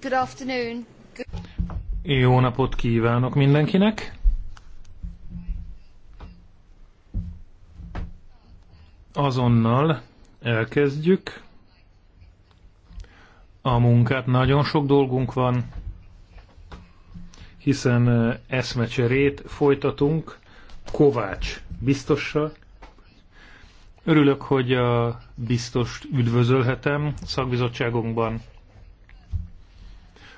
Good afternoon. Good... Jó napot kívánok mindenkinek! Azonnal elkezdjük a munkát. Nagyon sok dolgunk van, hiszen eh, eszmecserét folytatunk Kovács biztossal, Örülök, hogy a biztost üdvözölhetem szakbizottságunkban.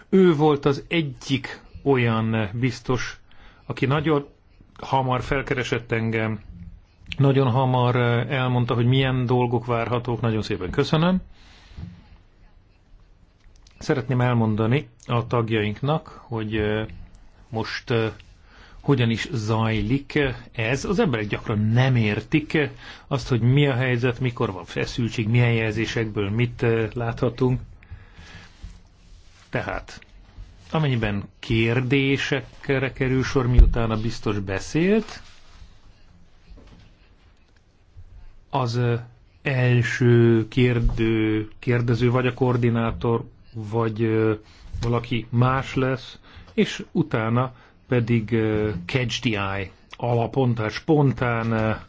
Ő volt az egyik olyan biztos, aki nagyon hamar felkeresett engem, nagyon hamar elmondta, hogy milyen dolgok várhatók. Nagyon szépen köszönöm. Szeretném elmondani a tagjainknak, hogy most hogyan is zajlik ez. Az emberek gyakran nem értik azt, hogy mi a helyzet, mikor van feszültség, milyen jelzésekből mit eh, láthatunk. Tehát, amennyiben kérdésekre kerül sor, miután a biztos beszélt, az eh, első kérdő, kérdező vagy a koordinátor, vagy eh, valaki más lesz, és utána pedig catch the eye alapon, tehát spontán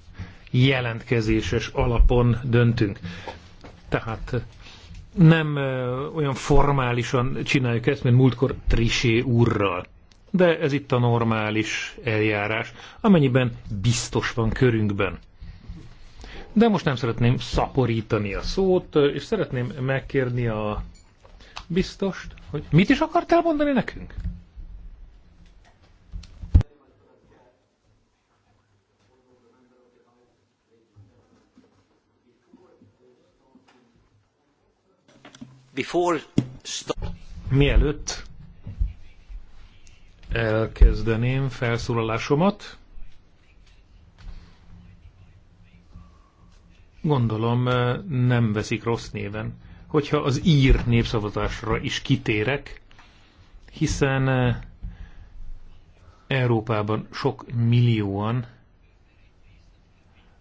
jelentkezéses alapon döntünk. Tehát nem olyan formálisan csináljuk ezt, mint múltkor Trisé úrral. De ez itt a normális eljárás, amennyiben biztos van körünkben. De most nem szeretném szaporítani a szót, és szeretném megkérni a biztost, hogy mit is akart elmondani nekünk? Mielőtt elkezdeném felszólalásomat, gondolom eh, nem veszik rossz néven, hogyha az ír népszavazásra is kitérek, hiszen eh, Európában sok millióan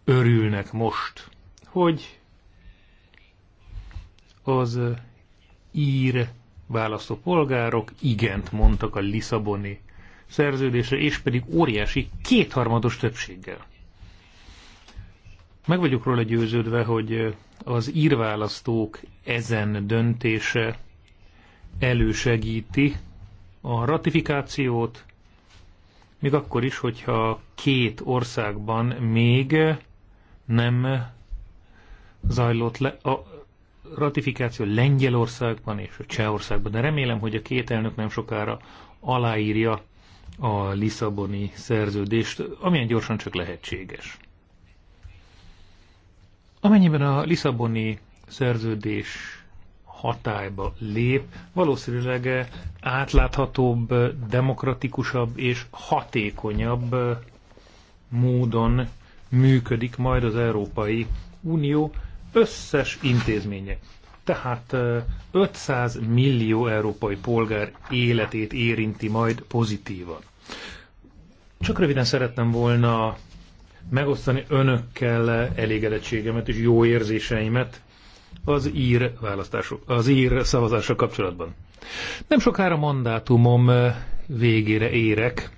örülnek most, hogy az eh, ír választópolgárok igent mondtak a Lisszaboni szerződésre, és pedig óriási kétharmados többséggel. Meg vagyok róla győződve, hogy az írválasztók ezen döntése elősegíti a ratifikációt, még akkor is, hogyha két országban még nem zajlott le a ratifikáció Lengyelországban és a Csehországban, de remélem, hogy a két elnök nem sokára aláírja a Lisszaboni szerződést, amilyen gyorsan csak lehetséges. Amennyiben a Lisszaboni szerződés hatályba lép, valószínűleg átláthatóbb, demokratikusabb és hatékonyabb módon működik majd az Európai Unió, összes intézménye. Tehát 500 millió európai polgár életét érinti majd pozitívan. Csak röviden szerettem volna megosztani önökkel elégedettségemet és jó érzéseimet az ír választások, az ír szavazásra kapcsolatban. Nem sokára mandátumom végére érek,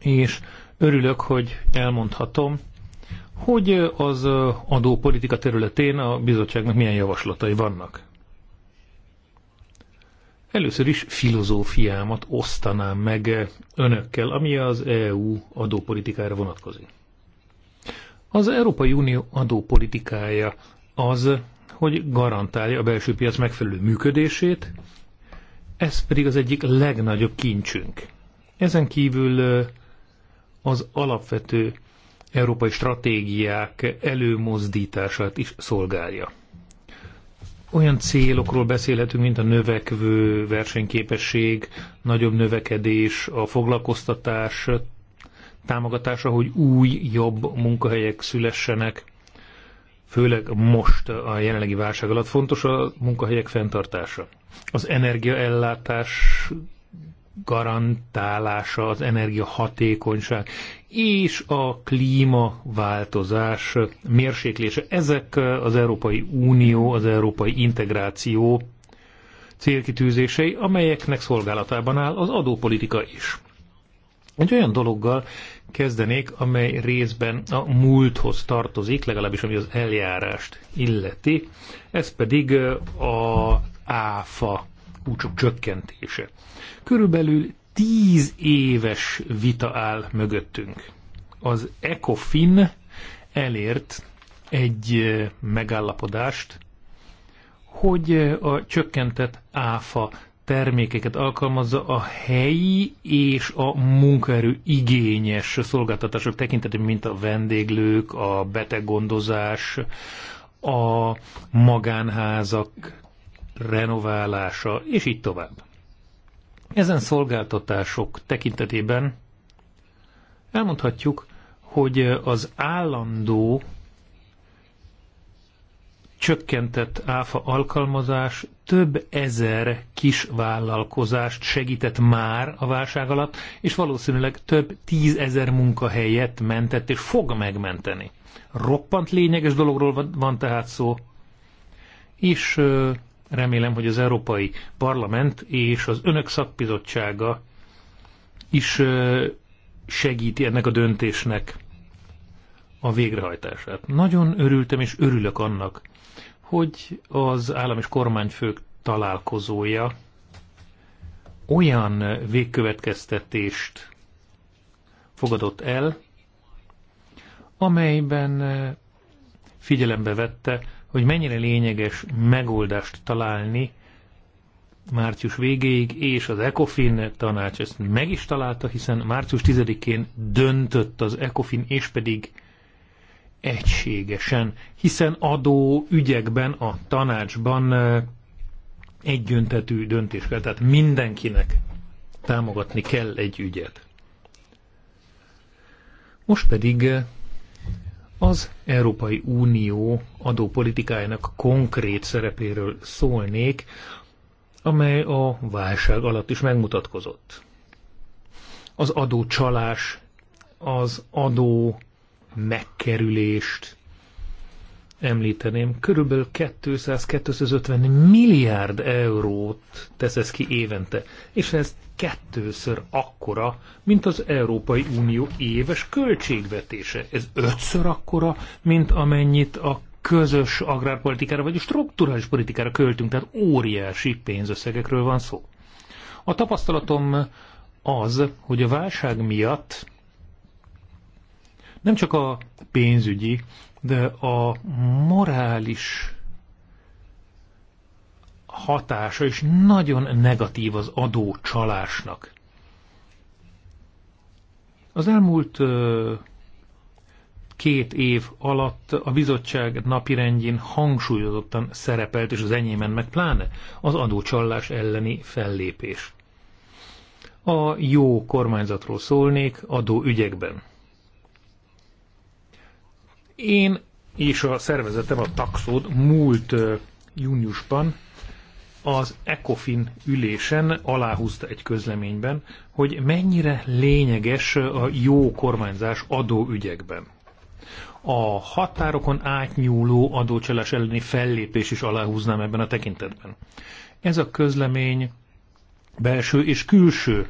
és örülök, hogy elmondhatom, hogy az adópolitika területén a bizottságnak milyen javaslatai vannak. Először is filozófiámat osztanám meg önökkel, ami az EU adópolitikára vonatkozik. Az Európai Unió adópolitikája az, hogy garantálja a belső piac megfelelő működését, ez pedig az egyik legnagyobb kincsünk. Ezen kívül az alapvető európai stratégiák előmozdítását is szolgálja. Olyan célokról beszélhetünk, mint a növekvő versenyképesség, nagyobb növekedés, a foglalkoztatás támogatása, hogy új, jobb munkahelyek szülessenek, főleg most a jelenlegi válság alatt fontos a munkahelyek fenntartása. Az energiaellátás garantálása, az energiahatékonyság és a klímaváltozás mérséklése. Ezek az Európai Unió, az Európai Integráció célkitűzései, amelyeknek szolgálatában áll az adópolitika is. Egy olyan dologgal kezdenék, amely részben a múlthoz tartozik, legalábbis ami az eljárást illeti, ez pedig a áfa kulcsok csökkentése. Körülbelül tíz éves vita áll mögöttünk. Az ECOFIN elért egy megállapodást, hogy a csökkentett áfa termékeket alkalmazza a helyi és a munkaerő igényes szolgáltatások tekintetében, mint a vendéglők, a beteggondozás, a magánházak renoválása, és így tovább. Ezen szolgáltatások tekintetében elmondhatjuk, hogy az állandó csökkentett áfa alkalmazás több ezer kis vállalkozást segített már a válság alatt, és valószínűleg több tízezer munkahelyet mentett és fog megmenteni. Roppant lényeges dologról van, van tehát szó, és Remélem, hogy az Európai Parlament és az Önök szakbizottsága is segíti ennek a döntésnek a végrehajtását. Nagyon örültem és örülök annak, hogy az állam és kormányfők találkozója olyan végkövetkeztetést fogadott el, amelyben figyelembe vette hogy mennyire lényeges megoldást találni március végéig, és az ECOFIN tanács ezt meg is találta, hiszen március 10-én döntött az ECOFIN, és pedig egységesen, hiszen adó ügyekben a tanácsban egyöntetű döntés kell, tehát mindenkinek támogatni kell egy ügyet. Most pedig az Európai Unió adópolitikájának konkrét szerepéről szólnék, amely a válság alatt is megmutatkozott. Az adócsalás, az adó megkerülést említeném. Körülbelül 200-250 milliárd eurót tesz ez ki évente, és ezt kettőször akkora, mint az Európai Unió éves költségvetése. Ez ötször akkora, mint amennyit a közös agrárpolitikára vagy a strukturális politikára költünk, tehát óriási pénzösszegekről van szó. A tapasztalatom az, hogy a válság miatt nem csak a pénzügyi, de a morális hatása is nagyon negatív az adócsalásnak. Az elmúlt két év alatt a bizottság napirendjén hangsúlyozottan szerepelt, és az enyémen meg pláne, az adócsallás elleni fellépés. A jó kormányzatról szólnék adóügyekben. Én és a szervezetem a Taxod múlt júniusban az ECOFIN ülésen aláhúzta egy közleményben, hogy mennyire lényeges a jó kormányzás adóügyekben. A határokon átnyúló adócsalás elleni fellépés is aláhúznám ebben a tekintetben. Ez a közlemény belső és külső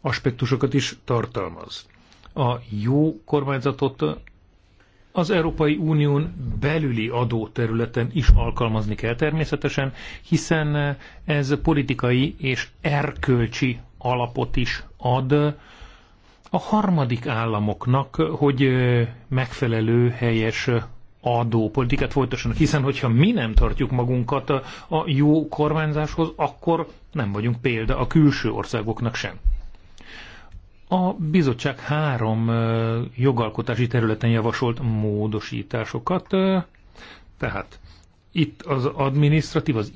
aspektusokat is tartalmaz. A jó kormányzatot az Európai Unión belüli adóterületen is alkalmazni kell természetesen, hiszen ez politikai és erkölcsi alapot is ad a harmadik államoknak, hogy megfelelő helyes adópolitikát folytassanak, hiszen hogyha mi nem tartjuk magunkat a jó kormányzáshoz, akkor nem vagyunk példa a külső országoknak sem. A bizottság három jogalkotási területen javasolt módosításokat, tehát itt az administratív, az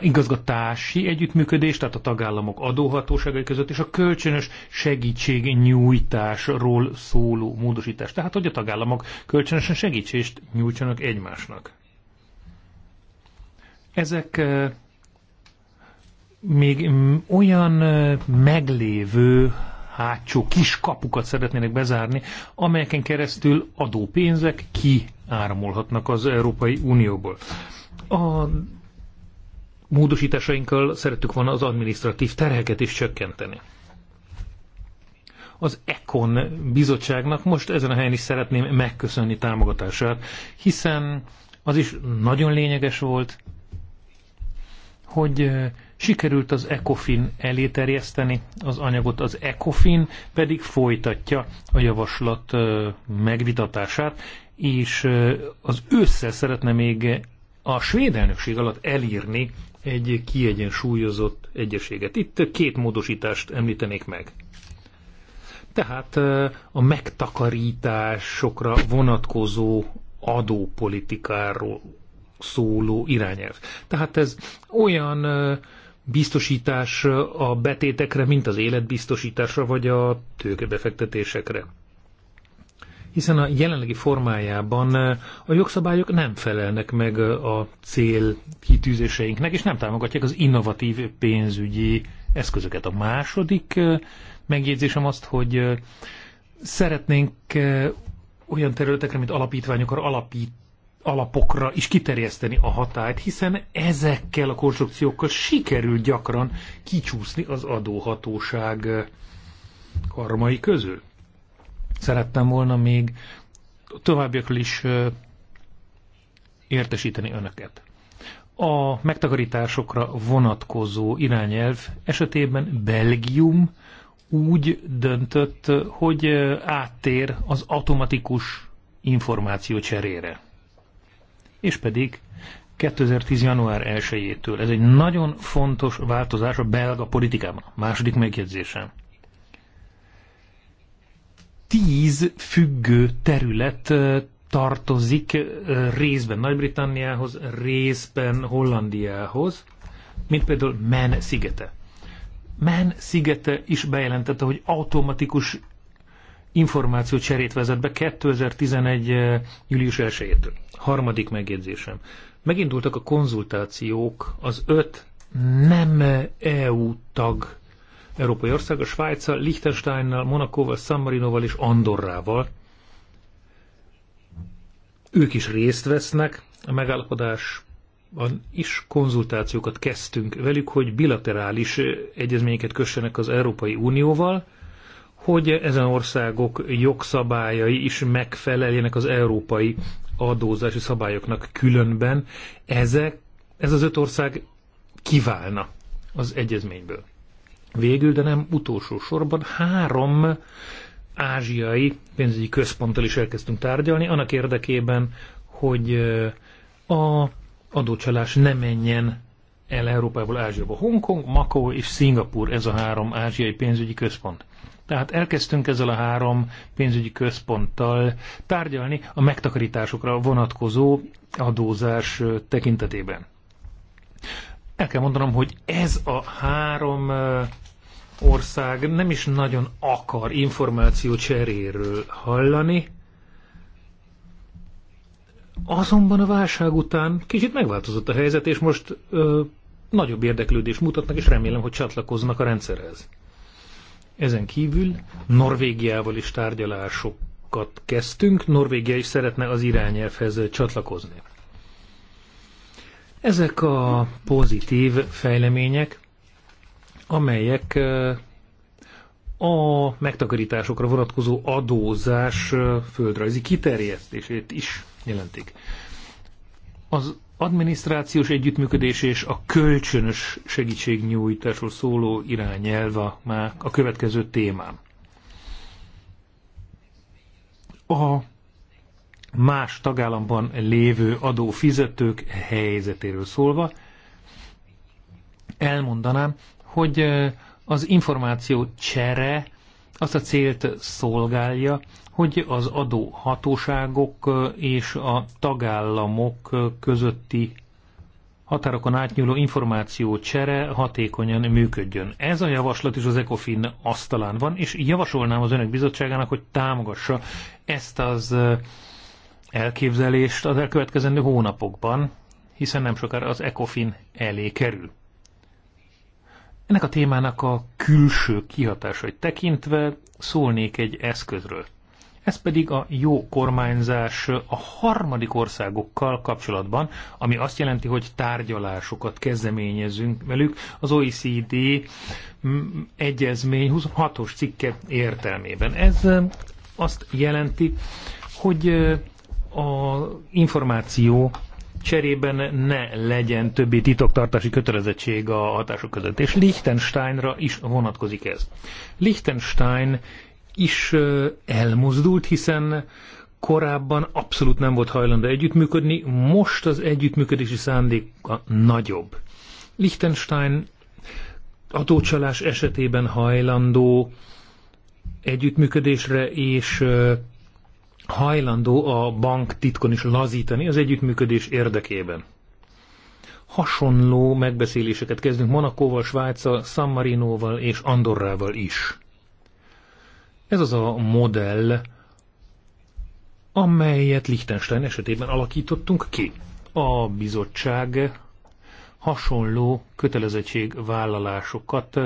igazgatási együttműködés, tehát a tagállamok adóhatóságai között, és a kölcsönös segítségnyújtásról szóló módosítás. Tehát, hogy a tagállamok kölcsönösen segítséget nyújtsanak egymásnak. Ezek még mm, olyan meglévő hátsó kis kapukat szeretnének bezárni, amelyeken keresztül adópénzek kiáramolhatnak az Európai Unióból. A módosításainkkal szerettük volna az administratív terheket is csökkenteni. Az ECON bizottságnak most ezen a helyen is szeretném megköszönni támogatását, hiszen az is nagyon lényeges volt, hogy Sikerült az ECOFIN eléterjeszteni az anyagot, az ECOFIN pedig folytatja a javaslat megvitatását, és az ősszel szeretne még a svéd elnökség alatt elírni egy kiegyensúlyozott egyeséget. Itt két módosítást említenék meg. Tehát a megtakarításokra vonatkozó adópolitikáról szóló irányelv. Tehát ez olyan biztosítás a betétekre, mint az életbiztosításra vagy a tőkebefektetésekre. Hiszen a jelenlegi formájában a jogszabályok nem felelnek meg a cél kitűzéseinknek, és nem támogatják az innovatív pénzügyi eszközöket. A második eh, megjegyzésem azt, hogy eh, szeretnénk eh, olyan területekre, mint alapítványokra alapít alapokra is kiterjeszteni a hatályt, hiszen ezekkel a konstrukciókkal sikerül gyakran kicsúszni az adóhatóság karmai közül. Szerettem volna még továbbiakról is értesíteni önöket. A megtakarításokra vonatkozó irányelv esetében Belgium úgy döntött, hogy áttér az automatikus információ cserére és pedig 2010. január 1-től. Ez egy nagyon fontos változás a belga politikában. Második megjegyzésem. Tíz függő terület tartozik részben Nagy-Britanniához, részben Hollandiához, mint például Men szigete. Men szigete is bejelentette, hogy automatikus cserét vezet be 2011. Eh, július 1-től. Harmadik megjegyzésem. Megindultak a konzultációk az öt nem EU tag európai ország, a Svájca, Liechtensteinnal, Monakóval, San Marinoval és Andorrával. Ők is részt vesznek a van is konzultációkat kezdtünk velük, hogy bilaterális eh, egyezményeket kössenek az Európai Unióval, hogy ezen országok jogszabályai is megfeleljenek az európai adózási szabályoknak különben. Ezek, ez az öt ország kiválna az egyezményből. Végül, de nem utolsó sorban, három ázsiai pénzügyi központtal is elkezdtünk tárgyalni, annak érdekében, hogy a adócsalás ne menjen el Európából Ázsiába. Hongkong, Makó és Szingapur, ez a három ázsiai pénzügyi központ. Tehát elkezdtünk ezzel a három pénzügyi központtal tárgyalni a megtakarításokra vonatkozó adózás tekintetében. El kell mondanom, hogy ez a három ország nem is nagyon akar információ cseréről hallani, azonban a válság után kicsit megváltozott a helyzet, és most ö, nagyobb érdeklődést mutatnak, és remélem, hogy csatlakoznak a rendszerhez. Ezen kívül Norvégiával is tárgyalásokat kezdtünk. Norvégia is szeretne az irányelvhez csatlakozni. Ezek a pozitív fejlemények, amelyek a megtakarításokra vonatkozó adózás földrajzi kiterjesztését is jelentik. Az adminisztrációs együttműködés és a kölcsönös segítségnyújtásról szóló irányelv a, már a következő témám. A más tagállamban lévő adófizetők helyzetéről szólva elmondanám, hogy eh, az információ csere azt a célt szolgálja, hogy az adóhatóságok és a tagállamok közötti határokon átnyúló információ csere hatékonyan működjön. Ez a javaslat is az ECOFIN asztalán van, és javasolnám az önök bizottságának, hogy támogassa ezt az elképzelést az elkövetkezendő hónapokban, hiszen nem sokára az ECOFIN elé kerül. Ennek a témának a külső kihatásait tekintve szólnék egy eszközről. Ez pedig a jó kormányzás a harmadik országokkal kapcsolatban, ami azt jelenti, hogy tárgyalásokat kezdeményezünk velük az OECD mm, egyezmény 26-os cikke értelmében. Ez azt jelenti, hogy a információ cserében ne legyen többi titoktartási kötelezettség a hatások között. És Liechtensteinra is vonatkozik ez. Liechtenstein is elmozdult, hiszen korábban abszolút nem volt hajlandó együttműködni, most az együttműködési szándéka nagyobb. Liechtenstein adócsalás esetében hajlandó együttműködésre, és hajlandó a bank titkon is lazítani az együttműködés érdekében. Hasonló megbeszéléseket kezdünk Monakóval, Svájccal, San Marinoval és Andorrával is. Ez az a modell, amelyet Liechtenstein esetében alakítottunk ki. A bizottság hasonló kötelezettségvállalásokat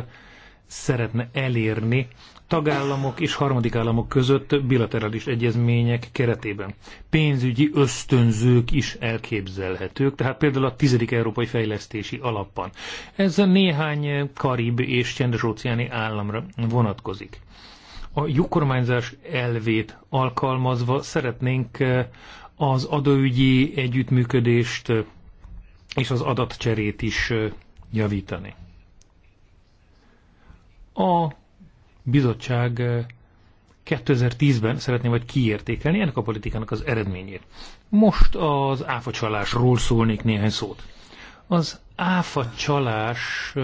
szeretne elérni tagállamok és harmadik államok között bilaterális egyezmények keretében. Pénzügyi ösztönzők is elképzelhetők, tehát például a tizedik európai fejlesztési alapban. Ez a néhány karib és csendes óceáni államra vonatkozik a jogkormányzás elvét alkalmazva szeretnénk eh, az adóügyi együttműködést eh, és az adatcserét is eh, javítani. A bizottság 2010-ben szeretné majd kiértékelni ennek a politikának az eredményét. Most az áfacsalásról szólnék néhány szót. Az áfacsalás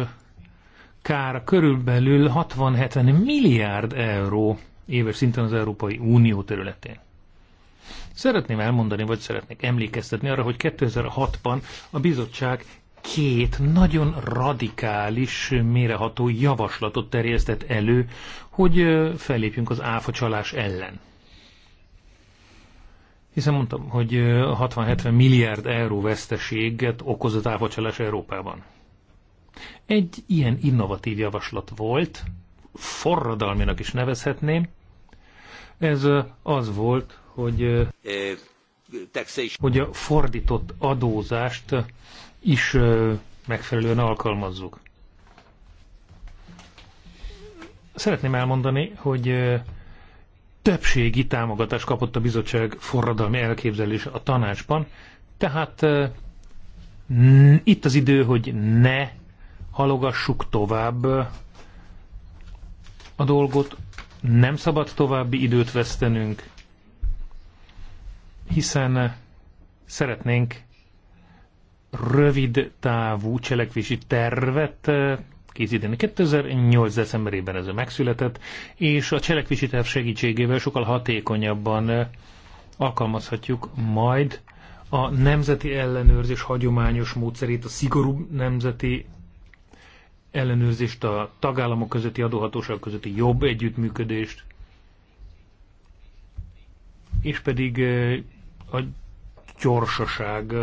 kára körülbelül 60-70 milliárd euró éves szinten az Európai Unió területén. Szeretném elmondani, vagy szeretnék emlékeztetni arra, hogy 2006-ban a bizottság két nagyon radikális, méreható javaslatot terjesztett elő, hogy fellépjünk az áfa csalás ellen. Hiszen mondtam, hogy 60-70 milliárd euró veszteséget okoz az áfacsalás Európában. Egy ilyen innovatív javaslat volt, forradalminak is nevezhetném. Ez az volt, hogy, hogy a fordított adózást is megfelelően alkalmazzuk. Szeretném elmondani, hogy többségi támogatást kapott a bizottság forradalmi elképzelése a tanácsban, tehát itt az idő, hogy ne halogassuk tovább a dolgot, nem szabad további időt vesztenünk, hiszen szeretnénk rövid távú cselekvési tervet készíteni. 2008. decemberében ez megszületett, és a cselekvési terv segítségével sokkal hatékonyabban alkalmazhatjuk majd a nemzeti ellenőrzés hagyományos módszerét, a szigorú nemzeti ellenőrzést, a tagállamok közötti adóhatóság közötti jobb együttműködést, és pedig a gyorsaság,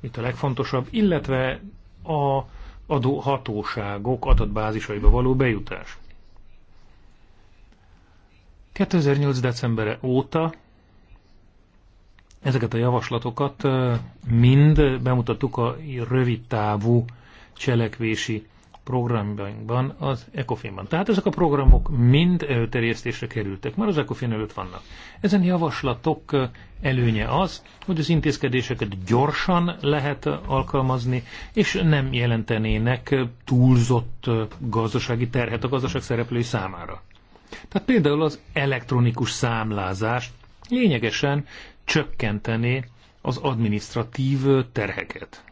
itt a legfontosabb, illetve a adóhatóságok adatbázisaiba való bejutás. 2008. decembere óta ezeket a javaslatokat mind bemutattuk a rövidtávú cselekvési programjainkban, az ECOFIN-ban. Tehát ezek a programok mind előterjesztésre kerültek, már az ECOFIN előtt vannak. Ezen javaslatok előnye az, hogy az intézkedéseket gyorsan lehet alkalmazni, és nem jelentenének túlzott gazdasági terhet a gazdaság szereplői számára. Tehát például az elektronikus számlázást lényegesen csökkenteni az administratív terheket.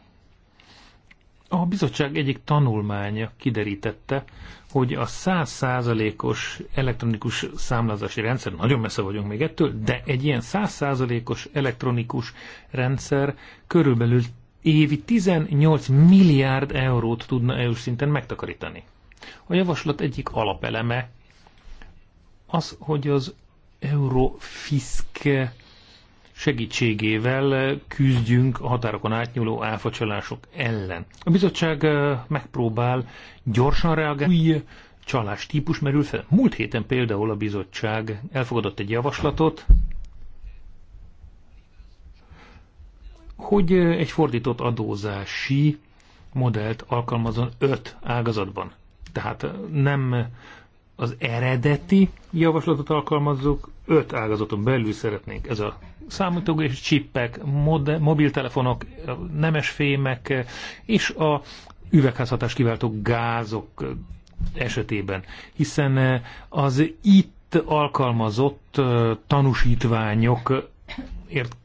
A bizottság egyik tanulmánya kiderítette, hogy a 100%-os elektronikus számlázási rendszer, nagyon messze vagyunk még ettől, de egy ilyen 100%-os elektronikus rendszer körülbelül évi 18 milliárd eurót tudna EU szinten megtakarítani. A javaslat egyik alapeleme az, hogy az eurofiszke segítségével küzdjünk a határokon átnyúló áfacsalások ellen. A bizottság eh, megpróbál gyorsan reagálni. Új csalás típus merül fel. Múlt héten például a bizottság elfogadott egy javaslatot, hogy eh, egy fordított adózási modellt alkalmazon öt ágazatban. Tehát eh, nem az eredeti javaslatot alkalmazzuk, öt ágazaton belül szeretnénk ez a számítógép, csippek, mobiltelefonok, nemes fémek és a üvegházhatás kiváltó gázok esetében, hiszen az itt alkalmazott tanúsítványokért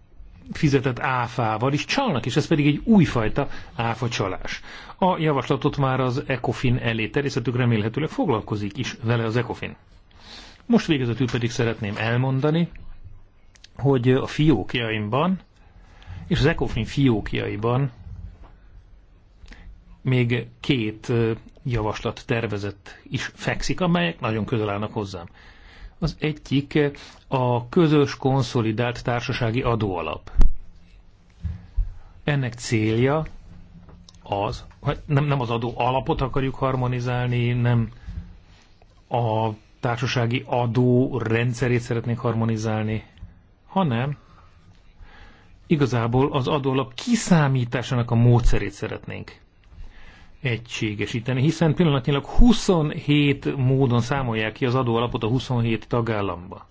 fizetett áfával is csalnak, és ez pedig egy újfajta áfacsalás. A javaslatot már az ECOFIN elé terjesztettük, remélhetőleg foglalkozik is vele az ECOFIN. Most végezetül pedig szeretném elmondani, hogy a fiókjaimban és az Ecofin fiókjaiban még két javaslat tervezett is fekszik, amelyek nagyon közel állnak hozzám. Az egyik a közös konszolidált társasági adóalap. Ennek célja az, hogy nem, nem az adó alapot akarjuk harmonizálni, nem a társasági adó rendszerét szeretnénk harmonizálni, hanem igazából az adólap kiszámításának a módszerét szeretnénk egységesíteni, hiszen pillanatnyilag 27 módon számolják ki az adóalapot a 27 tagállamba.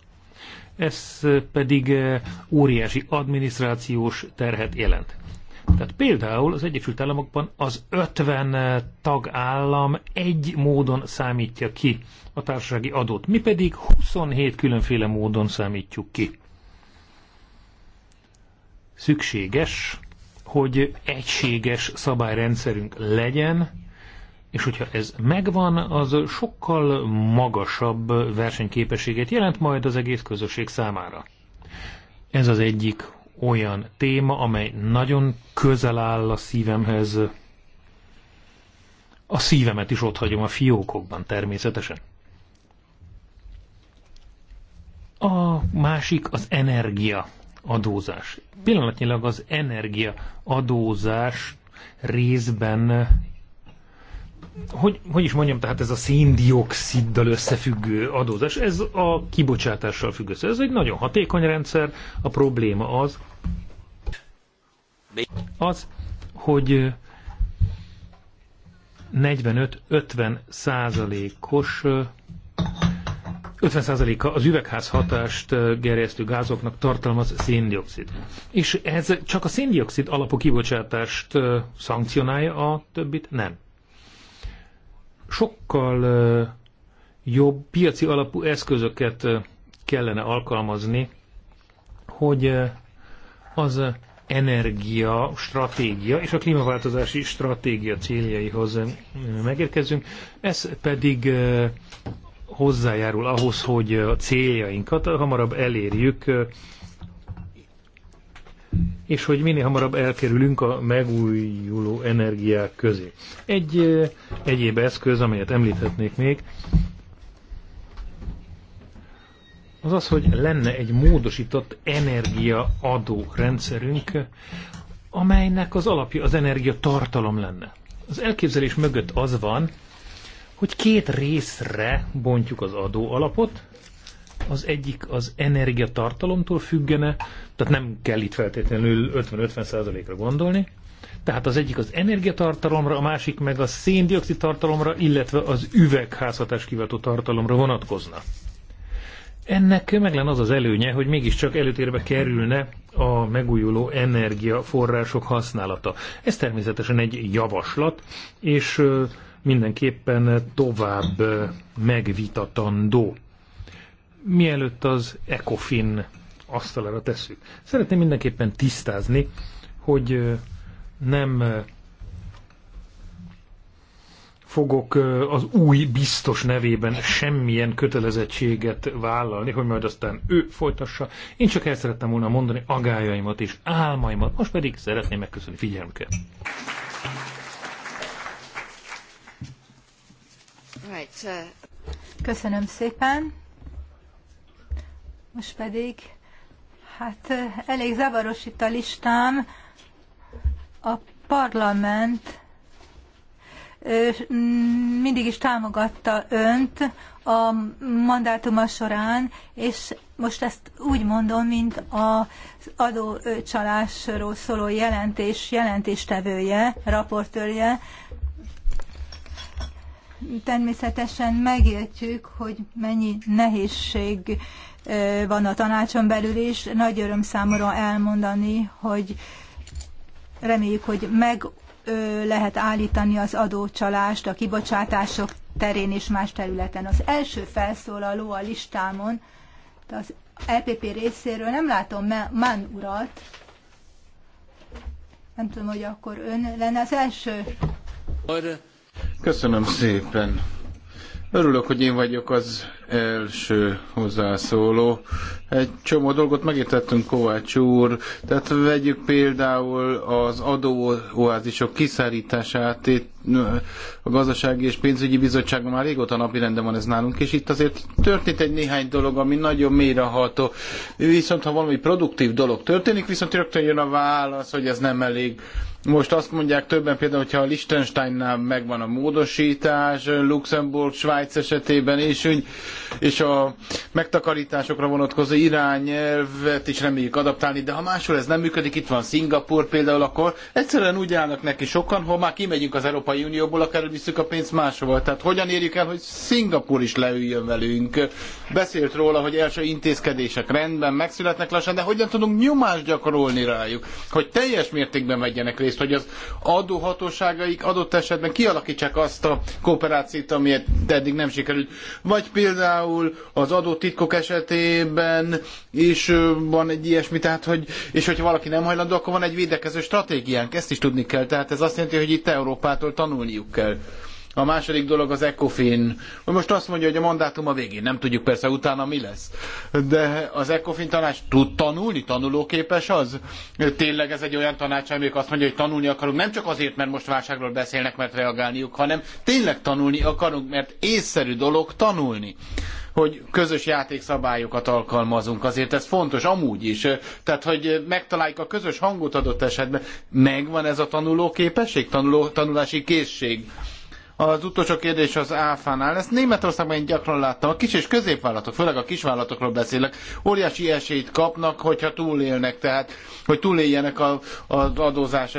Ez pedig eh, óriási adminisztrációs terhet jelent. Tehát például az Egyesült Államokban az 50 eh, tagállam egy módon számítja ki a társasági adót, mi pedig 27 különféle módon számítjuk ki szükséges, hogy egységes szabályrendszerünk legyen, és hogyha ez megvan, az sokkal magasabb versenyképességet jelent majd az egész közösség számára. Ez az egyik olyan téma, amely nagyon közel áll a szívemhez. A szívemet is ott hagyom a fiókokban természetesen. A másik az energia adózás. Pillanatnyilag az energia adózás részben hogy, hogy is mondjam, tehát ez a széndioksziddal összefüggő adózás, ez a kibocsátással függ össze. Ez egy nagyon hatékony rendszer, a probléma az, az, hogy 45-50 százalékos 50%-a az üvegházhatást gerjesztő gázoknak tartalmaz széndiokszid. És ez csak a széndiokszid alapú kibocsátást szankcionálja, a többit nem. Sokkal jobb piaci alapú eszközöket kellene alkalmazni, hogy az energia stratégia és a klímaváltozási stratégia céljaihoz megérkezünk. Ez pedig hozzájárul ahhoz, hogy a céljainkat hamarabb elérjük, és hogy minél hamarabb elkerülünk a megújuló energiák közé. Egy egyéb eszköz, amelyet említhetnék még, az az, hogy lenne egy módosított energiaadó rendszerünk, amelynek az alapja az energia tartalom lenne. Az elképzelés mögött az van, hogy két részre bontjuk az adó alapot. Az egyik az energiatartalomtól függene, tehát nem kell itt feltétlenül 50-50%-ra gondolni. Tehát az egyik az energiatartalomra, a másik meg a széndiokszid tartalomra, illetve az üvegházhatás kiváltó tartalomra vonatkozna. Ennek meg lenne az az előnye, hogy mégiscsak előtérbe kerülne a megújuló energiaforrások használata. Ez természetesen egy javaslat, és mindenképpen tovább megvitatandó. Mielőtt az ECOFIN asztalára tesszük. Szeretném mindenképpen tisztázni, hogy nem fogok az új biztos nevében semmilyen kötelezettséget vállalni, hogy majd aztán ő folytassa. Én csak el szerettem volna mondani agájaimat és álmaimat, most pedig szeretném megköszönni figyelmüket. Köszönöm szépen. Most pedig, hát elég zavaros itt a listám. A parlament mindig is támogatta önt a mandátuma során, és most ezt úgy mondom, mint az adócsalásról szóló jelentés jelentéstevője, raportőrje természetesen megértjük, hogy mennyi nehézség van a tanácson belül és Nagy öröm számomra elmondani, hogy reméljük, hogy meg lehet állítani az adócsalást a kibocsátások terén és más területen. Az első felszólaló a listámon, de az LPP e részéről nem látom Mann urat. Nem tudom, hogy akkor ön lenne az első. Arra. Köszönöm szépen. Örülök, hogy én vagyok az első hozzászóló. Egy csomó dolgot megértettünk, Kovács úr. Tehát vegyük például az adóoázisok kiszárítását. Itt a Gazdasági és Pénzügyi Bizottságban már régóta napirenden van ez nálunk, és itt azért történt egy néhány dolog, ami nagyon mélyreható. Viszont ha valami produktív dolog történik, viszont rögtön jön a válasz, hogy ez nem elég most azt mondják többen például, hogyha a Liechtensteinnál megvan a módosítás, Luxemburg, Svájc esetében is, és a megtakarításokra vonatkozó irányelvet is reméljük adaptálni, de ha máshol ez nem működik, itt van Szingapur például, akkor egyszerűen úgy állnak neki sokan, ha már kimegyünk az Európai Unióból, akár visszük a pénzt máshova. Tehát hogyan érjük el, hogy Szingapur is leüljön velünk? Beszélt róla, hogy első intézkedések rendben megszületnek lassan, de hogyan tudunk nyomást gyakorolni rájuk, hogy teljes mértékben vegyenek részt egyrészt, hogy az adóhatóságaik adott esetben kialakítsák azt a kooperációt, amilyet eddig nem sikerült. Vagy például az adótitkok esetében is van egy ilyesmi, tehát hogy, és hogyha valaki nem hajlandó, akkor van egy védekező stratégiánk, ezt is tudni kell. Tehát ez azt jelenti, hogy itt Európától tanulniuk kell. A második dolog az ECOFIN. Most azt mondja, hogy a mandátum a végén, nem tudjuk persze utána mi lesz. De az ECOFIN tanács tud tanulni, tanulóképes az? Tényleg ez egy olyan tanács, amelyik azt mondja, hogy tanulni akarunk, nem csak azért, mert most válságról beszélnek, mert reagálniuk, hanem tényleg tanulni akarunk, mert észszerű dolog tanulni hogy közös játékszabályokat alkalmazunk. Azért ez fontos amúgy is. Tehát, hogy megtaláljuk a közös hangot adott esetben. Megvan ez a tanulóképesség, tanuló, tanulási készség az utolsó kérdés az áfánál. Ezt Németországban én gyakran láttam. A kis és középvállalatok, főleg a kisvállalatokról beszélek, óriási esélyt kapnak, hogyha túlélnek, tehát hogy túléljenek a, az adózás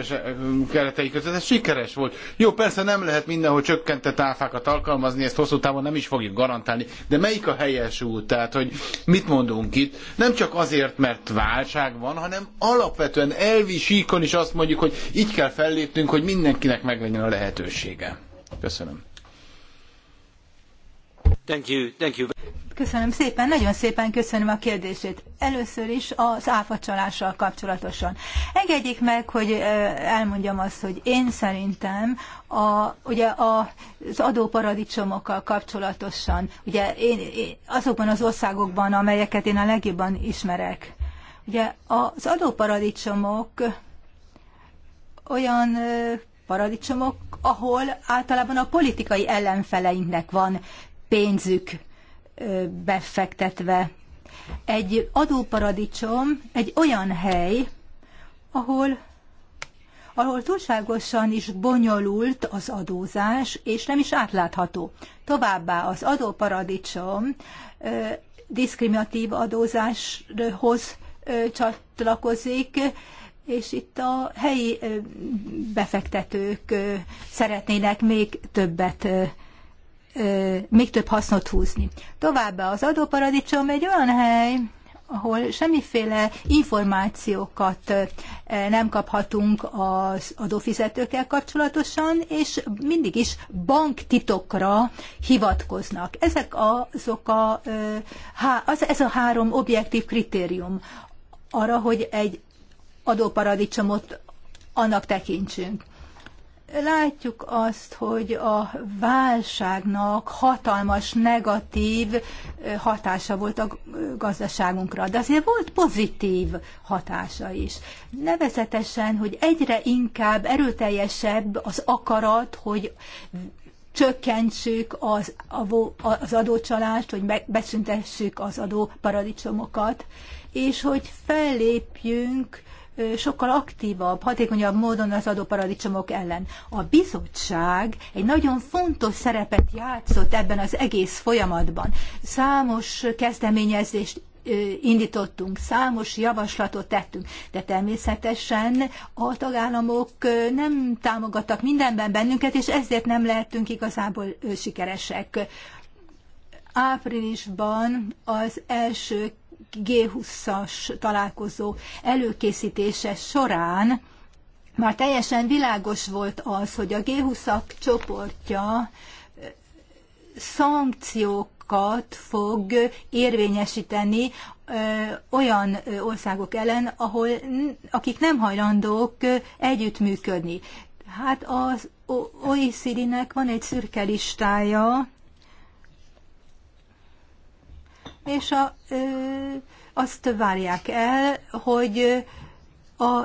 keretei között. Ez sikeres volt. Jó, persze nem lehet mindenhol csökkentett áfákat alkalmazni, ezt hosszú távon nem is fogjuk garantálni, de melyik a helyes út? Tehát, hogy mit mondunk itt? Nem csak azért, mert válság van, hanem alapvetően elvi síkon is azt mondjuk, hogy így kell fellépnünk, hogy mindenkinek meglegyen a lehetősége. Köszönöm. Thank you. Thank you. Köszönöm szépen, nagyon szépen köszönöm a kérdését. Először is az áfacsalással kapcsolatosan. Engedjék meg, hogy elmondjam azt, hogy én szerintem a, ugye a, az adóparadicsomokkal kapcsolatosan, ugye én, én, azokban az országokban, amelyeket én a legjobban ismerek, ugye az adóparadicsomok olyan paradicsomok, ahol általában a politikai ellenfeleinknek van pénzük befektetve. Egy adóparadicsom egy olyan hely, ahol ahol túlságosan is bonyolult az adózás, és nem is átlátható. Továbbá az adóparadicsom ö, diszkriminatív adózáshoz ö, csatlakozik, és itt a helyi befektetők szeretnének még többet még több hasznot húzni. Továbbá az adóparadicsom egy olyan hely, ahol semmiféle információkat nem kaphatunk az adófizetőkkel kapcsolatosan, és mindig is banktitokra hivatkoznak. Ezek azok a, az, ez a három objektív kritérium arra, hogy egy adóparadicsomot annak tekintsünk. Látjuk azt, hogy a válságnak hatalmas negatív eh, hatása volt a gazdaságunkra, de azért volt pozitív hatása is. Nevezetesen, hogy egyre inkább erőteljesebb az akarat, hogy csökkentsük az, az adócsalást, hogy beszüntessük az adóparadicsomokat, és hogy fellépjünk sokkal aktívabb, hatékonyabb módon az adóparadicsomok ellen. A bizottság egy nagyon fontos szerepet játszott ebben az egész folyamatban. Számos kezdeményezést indítottunk, számos javaslatot tettünk, de természetesen a tagállamok nem támogattak mindenben bennünket, és ezért nem lehetünk igazából sikeresek. Áprilisban az első G20-as találkozó előkészítése során már teljesen világos volt az, hogy a G20-ak csoportja szankciókat fog érvényesíteni olyan országok ellen, ahol, akik nem hajlandók együttműködni. Hát az OECD-nek van egy szürke listája, és a, ö, azt várják el, hogy a,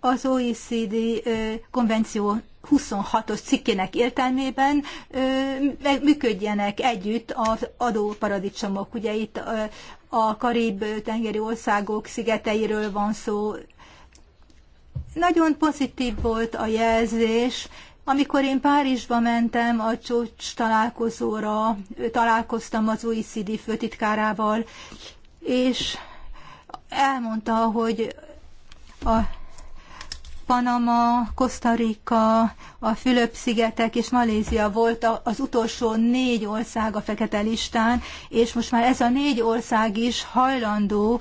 az OECD ö, konvenció 26-os cikkének értelmében ö, működjenek együtt az adóparadicsomok. Ugye itt a, a Karib-tengeri országok szigeteiről van szó. Nagyon pozitív volt a jelzés, amikor én Párizsba mentem a csúcs találkozóra, találkoztam az OECD főtitkárával, és elmondta, hogy a Panama, Costa Rica, a Fülöp-szigetek és Malézia volt az utolsó négy ország a fekete listán, és most már ez a négy ország is hajlandó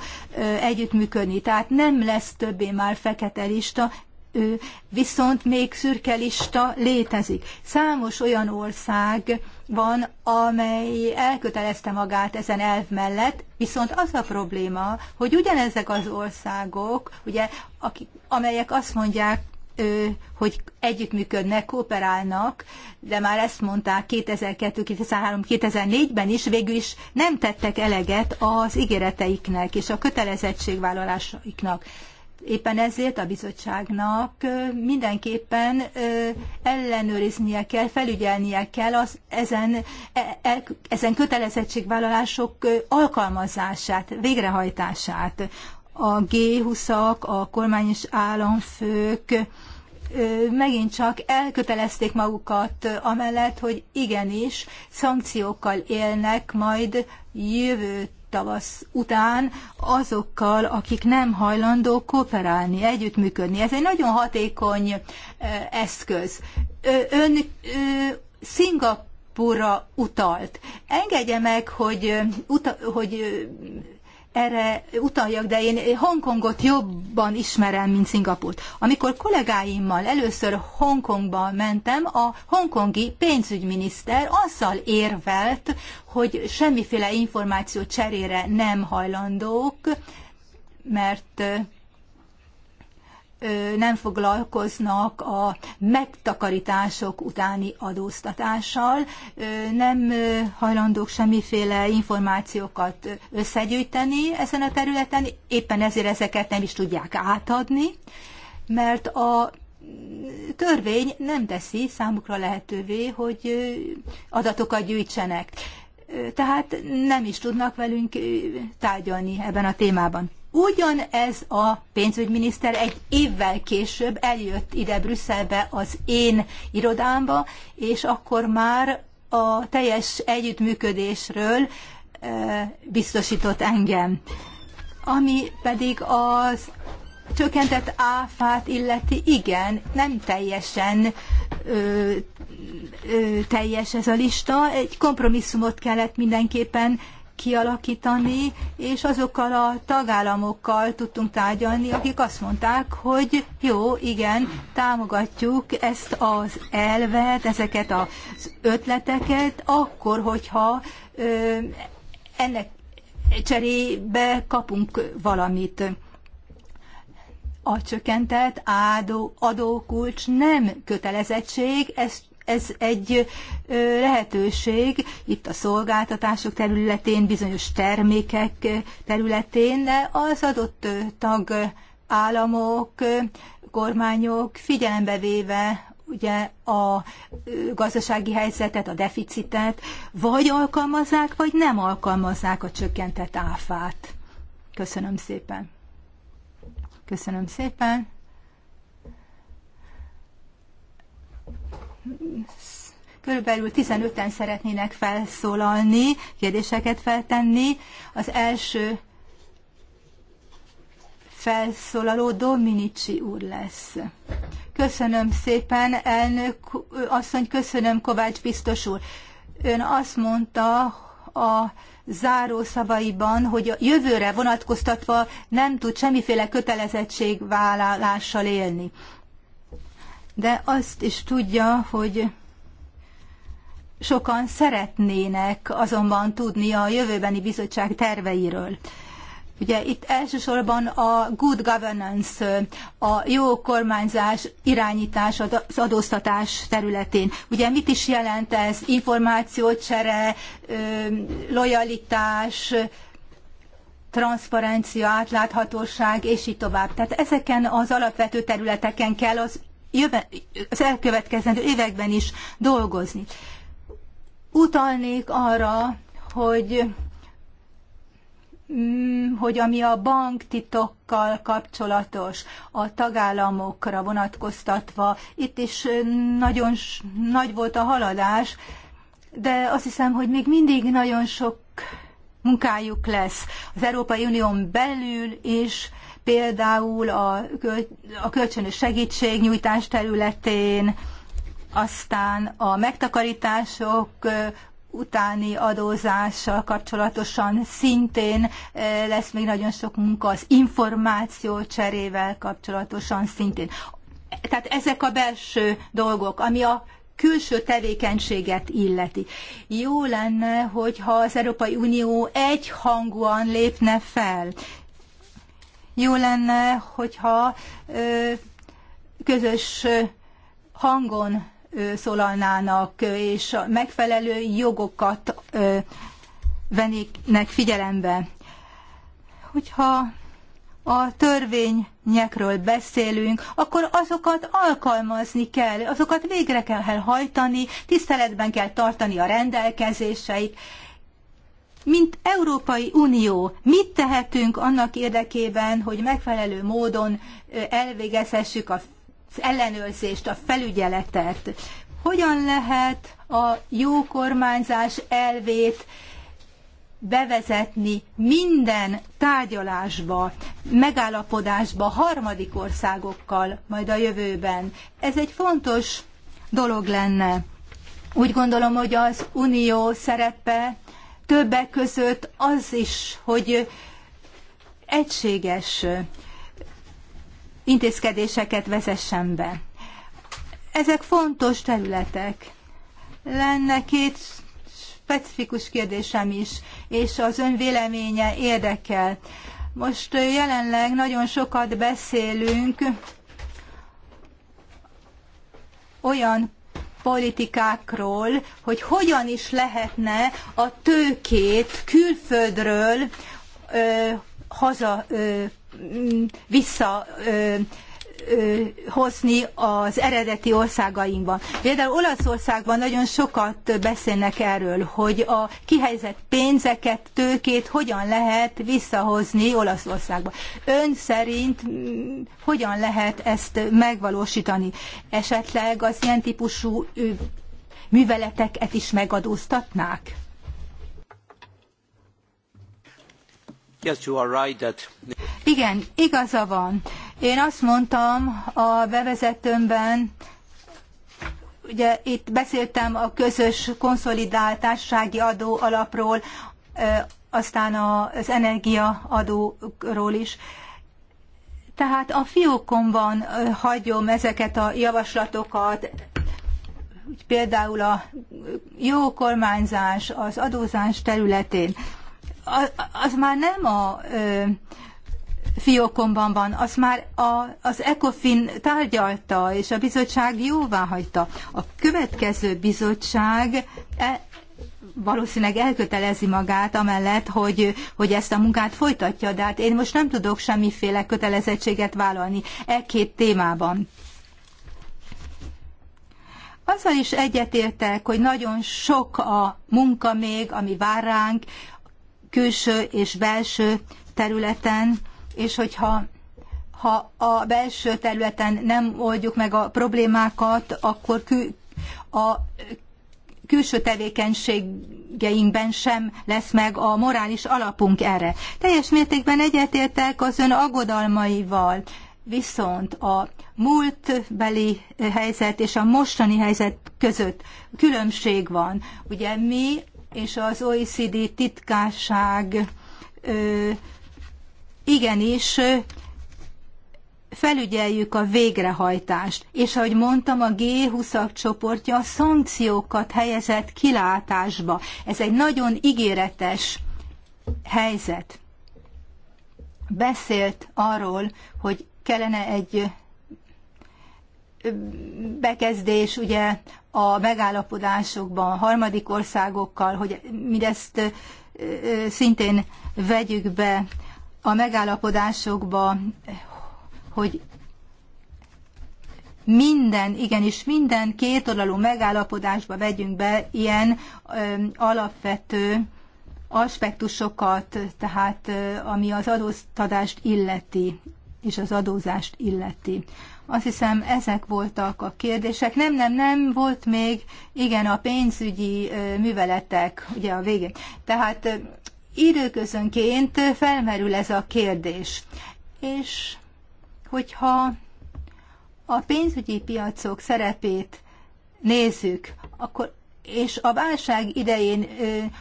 együttműködni. Tehát nem lesz többé már fekete lista, viszont még szürke lista létezik. Számos olyan ország van, amely elkötelezte magát ezen elv mellett, viszont az a probléma, hogy ugyanezek az országok, ugye, akik, amelyek azt mondják, hogy együttműködnek, kooperálnak, de már ezt mondták 2002, 2003, 2004-ben is, végül is nem tettek eleget az ígéreteiknek és a kötelezettségvállalásaiknak. Éppen ezért a bizottságnak mindenképpen ellenőriznie kell, felügyelnie kell az, ezen, e, e, ezen kötelezettségvállalások alkalmazását, végrehajtását. A G20-ak, a kormány és államfők megint csak elkötelezték magukat amellett, hogy igenis szankciókkal élnek majd jövőt tavasz után azokkal, akik nem hajlandók kooperálni, együttműködni. Ez egy nagyon hatékony e, eszköz. Ön Szingapurra utalt. Engedje meg, hogy, uta, hogy erre utaljak, de én Hongkongot jobban ismerem, mint Szingapurt. Amikor kollégáimmal először Hongkongba mentem, a hongkongi pénzügyminiszter azzal érvelt, hogy semmiféle információ cserére nem hajlandók, mert nem foglalkoznak a megtakarítások utáni adóztatással, nem hajlandók semmiféle információkat összegyűjteni ezen a területen, éppen ezért ezeket nem is tudják átadni, mert a törvény nem teszi számukra lehetővé, hogy adatokat gyűjtsenek. Tehát nem is tudnak velünk tárgyalni ebben a témában. Ugyanez a pénzügyminiszter egy évvel később eljött ide Brüsszelbe az én irodámba, és akkor már a teljes együttműködésről biztosított engem. Ami pedig az csökkentett áfát illeti, igen, nem teljesen ö, ö, teljes ez a lista, egy kompromisszumot kellett mindenképpen kialakítani, és azokkal a tagállamokkal tudtunk tárgyalni, akik azt mondták, hogy jó, igen, támogatjuk ezt az elvet, ezeket az ötleteket, akkor, hogyha ö, ennek cserébe kapunk valamit. A csökkentett adó, adókulcs nem kötelezettség, ezt ez egy lehetőség itt a szolgáltatások területén, bizonyos termékek területén, de az adott tag államok, kormányok figyelembe véve ugye a gazdasági helyzetet, a deficitet, vagy alkalmazzák, vagy nem alkalmazzák a csökkentett áfát. Köszönöm szépen. Köszönöm szépen. körülbelül 15-en szeretnének felszólalni, kérdéseket feltenni. Az első felszólaló Dominici úr lesz. Köszönöm szépen, elnök asszony, köszönöm Kovács biztos úr. Ön azt mondta a záró szavaiban, hogy a jövőre vonatkoztatva nem tud semmiféle kötelezettségvállalással élni de azt is tudja, hogy sokan szeretnének azonban tudni a jövőbeni bizottság terveiről. Ugye itt elsősorban a good governance, a jó kormányzás, irányítás az adóztatás területén. Ugye mit is jelent ez? Információcsere, lojalitás, transzparencia, átláthatóság, és így tovább. Tehát ezeken az alapvető területeken kell az az elkövetkezendő években is dolgozni. Utalnék arra, hogy mm, hogy ami a banktitokkal kapcsolatos, a tagállamokra vonatkoztatva, itt is mm, nagyon nagy volt a haladás, de azt hiszem, hogy még mindig nagyon sok munkájuk lesz az Európai Unión belül is, például a, köl, a kölcsönös segítségnyújtás területén, aztán a megtakarítások utáni adózással kapcsolatosan szintén lesz még nagyon sok munka, az információ cserével kapcsolatosan szintén. Tehát ezek a belső dolgok, ami a külső tevékenységet illeti. Jó lenne, hogyha az Európai Unió egyhangúan lépne fel, jó lenne, hogyha közös hangon szólalnának, és a megfelelő jogokat vennének figyelembe. Hogyha a törvényekről beszélünk, akkor azokat alkalmazni kell, azokat végre kell hajtani, tiszteletben kell tartani a rendelkezéseit, mint Európai Unió mit tehetünk annak érdekében, hogy megfelelő módon elvégezhessük az ellenőrzést, a felügyeletet? Hogyan lehet a jó kormányzás elvét bevezetni minden tárgyalásba, megállapodásba harmadik országokkal majd a jövőben. Ez egy fontos dolog lenne. Úgy gondolom, hogy az unió szerepe többek között az is, hogy egységes intézkedéseket vezessen be. Ezek fontos területek. Lenne két specifikus kérdésem is, és az ön véleménye érdekel. Most jelenleg nagyon sokat beszélünk olyan politikákról, hogy hogyan is lehetne a tőkét külföldről ö, haza ö, vissza ö, hozni az eredeti országainkban. Például Olaszországban nagyon sokat beszélnek erről, hogy a kihelyezett pénzeket, tőkét hogyan lehet visszahozni Olaszországba. Ön szerint hogyan lehet ezt megvalósítani? Esetleg az ilyen típusú műveleteket is megadóztatnák? Yes, you are right that... Igen, igaza van. Én azt mondtam a bevezetőmben, ugye itt beszéltem a közös konszolidáltássági adó alapról, aztán az adóról is. Tehát a fiókomban hagyom ezeket a javaslatokat, például a jó kormányzás az adózás területén. Az már nem a fiókomban van, azt már a, az ECOFIN tárgyalta, és a bizottság jóvá hagyta. A következő bizottság e, valószínűleg elkötelezi magát amellett, hogy, hogy ezt a munkát folytatja, de hát én most nem tudok semmiféle kötelezettséget vállalni e két témában. Azzal is egyetértek, hogy nagyon sok a munka még, ami vár ránk, külső és belső területen, és hogyha ha a belső területen nem oldjuk meg a problémákat, akkor kül, a külső tevékenységeinkben sem lesz meg a morális alapunk erre. Teljes mértékben egyetértek az ön aggodalmaival, viszont a múltbeli helyzet és a mostani helyzet között különbség van. Ugye mi és az OECD titkárság igenis felügyeljük a végrehajtást. És ahogy mondtam, a G20-ak csoportja a szankciókat helyezett kilátásba. Ez egy nagyon ígéretes helyzet. Beszélt arról, hogy kellene egy bekezdés ugye a megállapodásokban, a harmadik országokkal, hogy mindezt szintén vegyük be a megállapodásokba, hogy minden, igenis minden kétoldalú megállapodásba vegyünk be ilyen ö, alapvető aspektusokat, tehát ö, ami az adóztatást illeti, és az adózást illeti. Azt hiszem, ezek voltak a kérdések. Nem, nem, nem, volt még, igen, a pénzügyi ö, műveletek, ugye a végén. Tehát időközönként felmerül ez a kérdés. És hogyha a pénzügyi piacok szerepét nézzük, akkor és a válság idején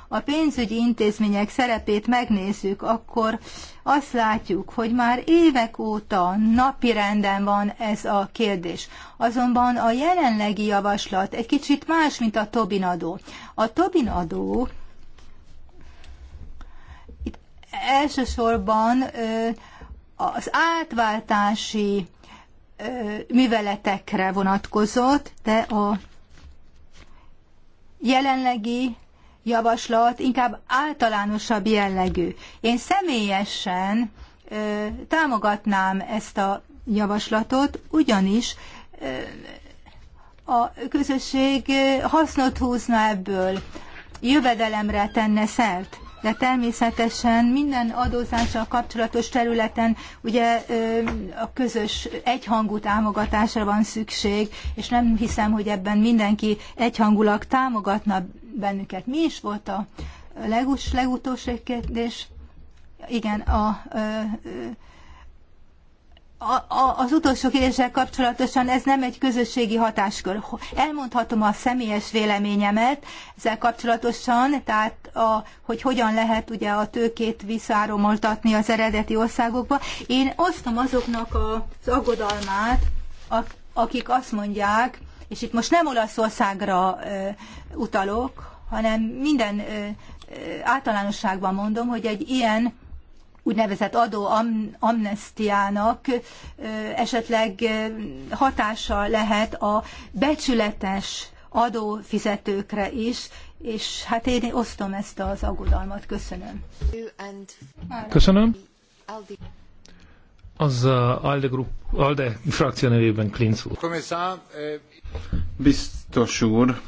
a pénzügyi intézmények szerepét megnézzük, akkor azt látjuk, hogy már évek óta napi renden van ez a kérdés. Azonban a jelenlegi javaslat egy kicsit más, mint a Tobin adó. A Tobin adó elsősorban az átváltási műveletekre vonatkozott, de a jelenlegi javaslat inkább általánosabb jellegű. Én személyesen támogatnám ezt a javaslatot, ugyanis a közösség hasznot húzna ebből, jövedelemre tenne szert de természetesen minden adózással kapcsolatos területen ugye a közös egyhangú támogatásra van szükség, és nem hiszem, hogy ebben mindenki egyhangulag támogatna bennünket. Mi is volt a legutolsó kérdés? Igen, a, a, a a, a, az utolsó kérdéssel kapcsolatosan ez nem egy közösségi hatáskör. Elmondhatom a személyes véleményemet ezzel kapcsolatosan, tehát a, hogy hogyan lehet ugye a tőkét visszáromoltatni az eredeti országokba. Én osztom azoknak az aggodalmát, akik azt mondják, és itt most nem Olaszországra ö, utalok, hanem minden ö, általánosságban mondom, hogy egy ilyen úgynevezett adó amnestiának esetleg hatása lehet a becsületes adófizetőkre is, és hát én osztom ezt az aggodalmat. Köszönöm. Köszönöm. Az ALDE, Group, ALDE frakció nevében Klinc úr. Biztos úr,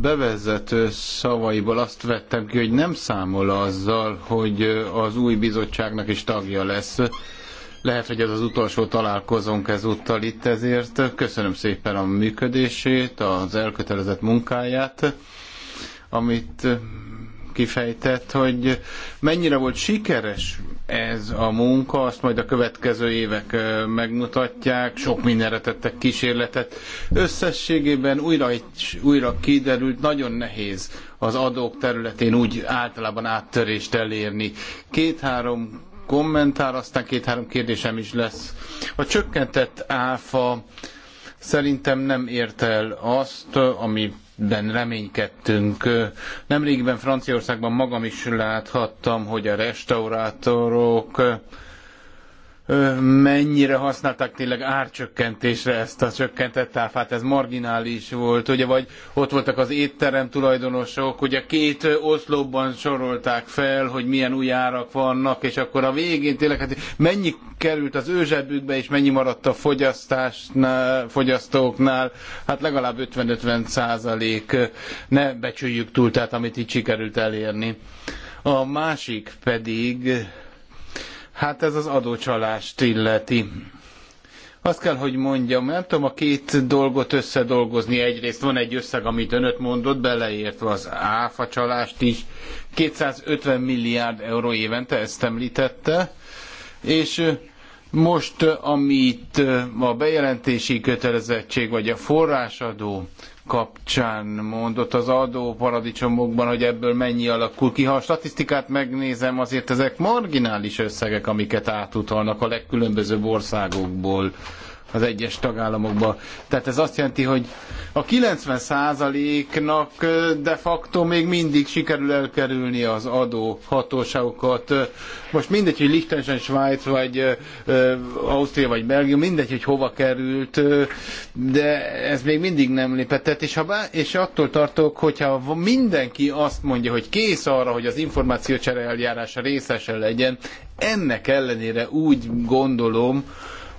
bevezető szavaiból azt vettem ki, hogy nem számol azzal, hogy az új bizottságnak is tagja lesz. Lehet, hogy ez az utolsó találkozónk ezúttal itt, ezért köszönöm szépen a működését, az elkötelezett munkáját, amit kifejtett, hogy mennyire volt sikeres ez a munka, azt majd a következő évek megmutatják, sok mindenre tettek kísérletet. Összességében újra, újra kiderült, nagyon nehéz az adók területén úgy általában áttörést elérni. Két-három kommentár, aztán két-három kérdésem is lesz. A csökkentett áfa szerintem nem ért el azt, ami ben reménykedtünk. Nemrégiben Franciaországban magam is láthattam, hogy a restaurátorok mennyire használták tényleg árcsökkentésre ezt a csökkentett áfát, ez marginális volt, ugye, vagy ott voltak az étterem tulajdonosok, ugye két oszlopban sorolták fel, hogy milyen új árak vannak, és akkor a végén tényleg hát mennyi került az ő zsebükbe, és mennyi maradt a fogyasztásnál, fogyasztóknál, hát legalább 50-50 százalék, ne becsüljük túl, tehát amit itt sikerült elérni. A másik pedig, Hát ez az adócsalást illeti. Azt kell, hogy mondjam, nem tudom a két dolgot összedolgozni. Egyrészt van egy összeg, amit önöt mondott, beleértve az áfa csalást is. 250 milliárd euró évente, ezt említette. És most, amit a bejelentési kötelezettség vagy a forrásadó kapcsán mondott az adóparadicsomokban, hogy ebből mennyi alakul ki. Ha a statisztikát megnézem, azért ezek marginális összegek, amiket átutalnak a legkülönbözőbb országokból az egyes tagállamokba. Tehát ez azt jelenti, hogy a 90%-nak de facto még mindig sikerül elkerülni az adó hatóságokat. Most mindegy, hogy Liechtenstein, Svájc, vagy Ausztria, vagy Belgium, mindegy, hogy hova került, de ez még mindig nem lépett. és, ha bá, és attól tartok, hogyha mindenki azt mondja, hogy kész arra, hogy az információcsere eljárása részese legyen, ennek ellenére úgy gondolom,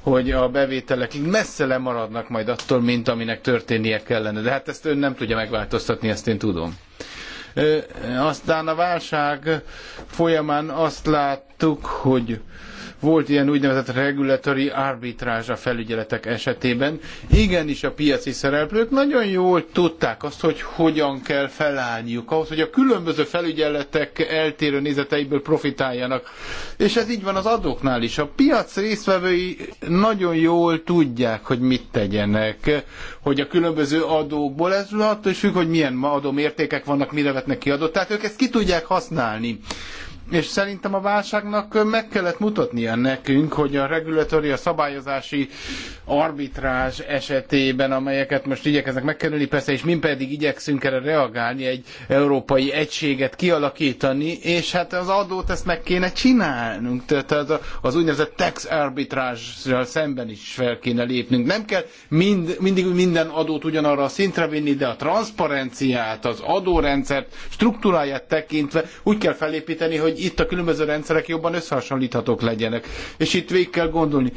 hogy a bevételek messze lemaradnak majd attól, mint aminek történnie kellene. De hát ezt ön nem tudja megváltoztatni, ezt én tudom. Aztán a válság folyamán azt láttuk, hogy volt ilyen úgynevezett regulatory arbitrázs a felügyeletek esetében. Igenis a piaci szereplők nagyon jól tudták azt, hogy hogyan kell felállniuk ahhoz, hogy a különböző felügyeletek eltérő nézeteiből profitáljanak. És ez így van az adóknál is. A piac résztvevői nagyon jól tudják, hogy mit tegyenek, hogy a különböző adókból, ez attól is függ, hogy milyen adómértékek vannak, mire vetnek ki adót. Tehát ők ezt ki tudják használni. És szerintem a válságnak meg kellett mutatnia nekünk, hogy a regulatori, a szabályozási arbitrázs esetében, amelyeket most igyekeznek megkerülni, persze, és mi pedig igyekszünk erre reagálni, egy európai egységet kialakítani, és hát az adót ezt meg kéne csinálnunk. Tehát az úgynevezett tax arbitrázsral szemben is fel kéne lépnünk. Nem kell mind, mindig minden adót ugyanarra a szintre vinni, de a transzparenciát, az adórendszert, struktúráját tekintve úgy kell felépíteni, hogy hogy itt a különböző rendszerek jobban összehasonlíthatók legyenek. És itt végig kell gondolni.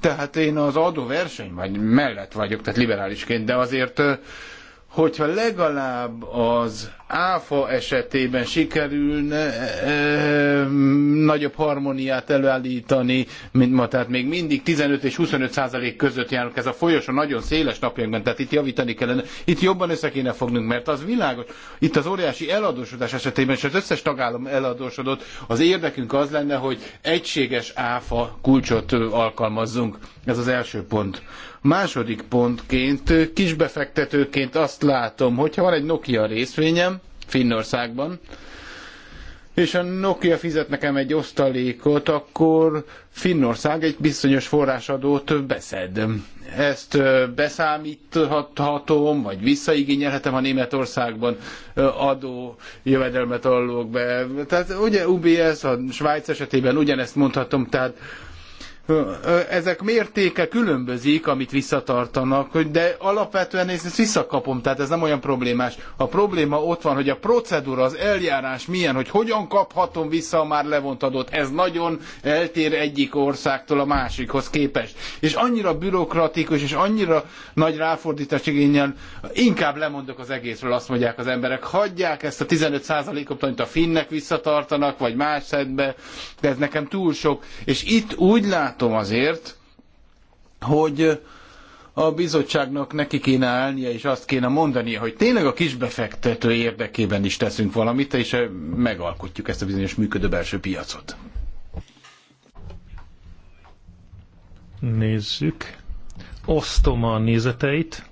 Tehát én az adóverseny vagy mellett vagyok, tehát liberálisként, de azért, hogyha legalább az áfa esetében sikerülne e, nagyobb harmóniát előállítani, mint ma. Tehát még mindig 15 és 25 százalék között járunk. Ez a folyosó nagyon széles napjainkban, tehát itt javítani kellene. Itt jobban össze kéne fognunk, mert az világos. Itt az óriási eladósodás esetében, és az összes tagállam eladósodott, az érdekünk az lenne, hogy egységes áfa kulcsot alkalmazzunk. Ez az első pont. Második pontként, kisbefektetőként azt látom, hogyha van egy Nokia részvényem Finnországban, és a Nokia fizet nekem egy osztalékot, akkor Finnország egy bizonyos forrásadót beszed. Ezt beszámíthatom, vagy visszaigényelhetem, ha Németországban adó jövedelmet allok be. Tehát ugye UBS, a Svájc esetében ugyanezt mondhatom, tehát ezek mértéke különbözik, amit visszatartanak, de alapvetően ezt visszakapom, tehát ez nem olyan problémás. A probléma ott van, hogy a procedúra, az eljárás milyen, hogy hogyan kaphatom vissza a már levont adót. Ez nagyon eltér egyik országtól a másikhoz képest. És annyira bürokratikus, és annyira nagy ráfordítás igényel, inkább lemondok az egészről, azt mondják az emberek. Hagyják ezt a 15%-ot, amit a finnek visszatartanak, vagy más szedbe, de ez nekem túl sok. És itt úgy látom, tartom azért, hogy a bizottságnak neki kéne állnia, és azt kéne mondania, hogy tényleg a kisbefektető érdekében is teszünk valamit, és megalkotjuk ezt a bizonyos működő belső piacot. Nézzük. Osztom a nézeteit,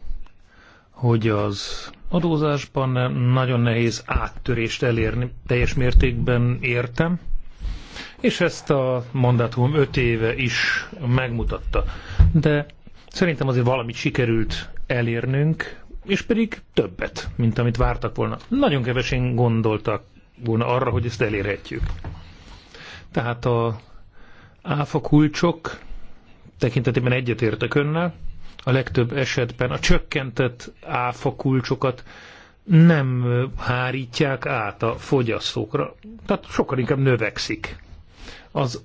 hogy az adózásban nagyon nehéz áttörést elérni. Teljes mértékben értem, és ezt a mandátum öt éve is megmutatta. De szerintem azért valamit sikerült elérnünk, és pedig többet, mint amit vártak volna. Nagyon kevesen gondoltak volna arra, hogy ezt elérhetjük. Tehát a áfa kulcsok tekintetében egyetértek önnel, a legtöbb esetben a csökkentett áfa kulcsokat nem hárítják át a fogyasztókra, tehát sokkal inkább növekszik az,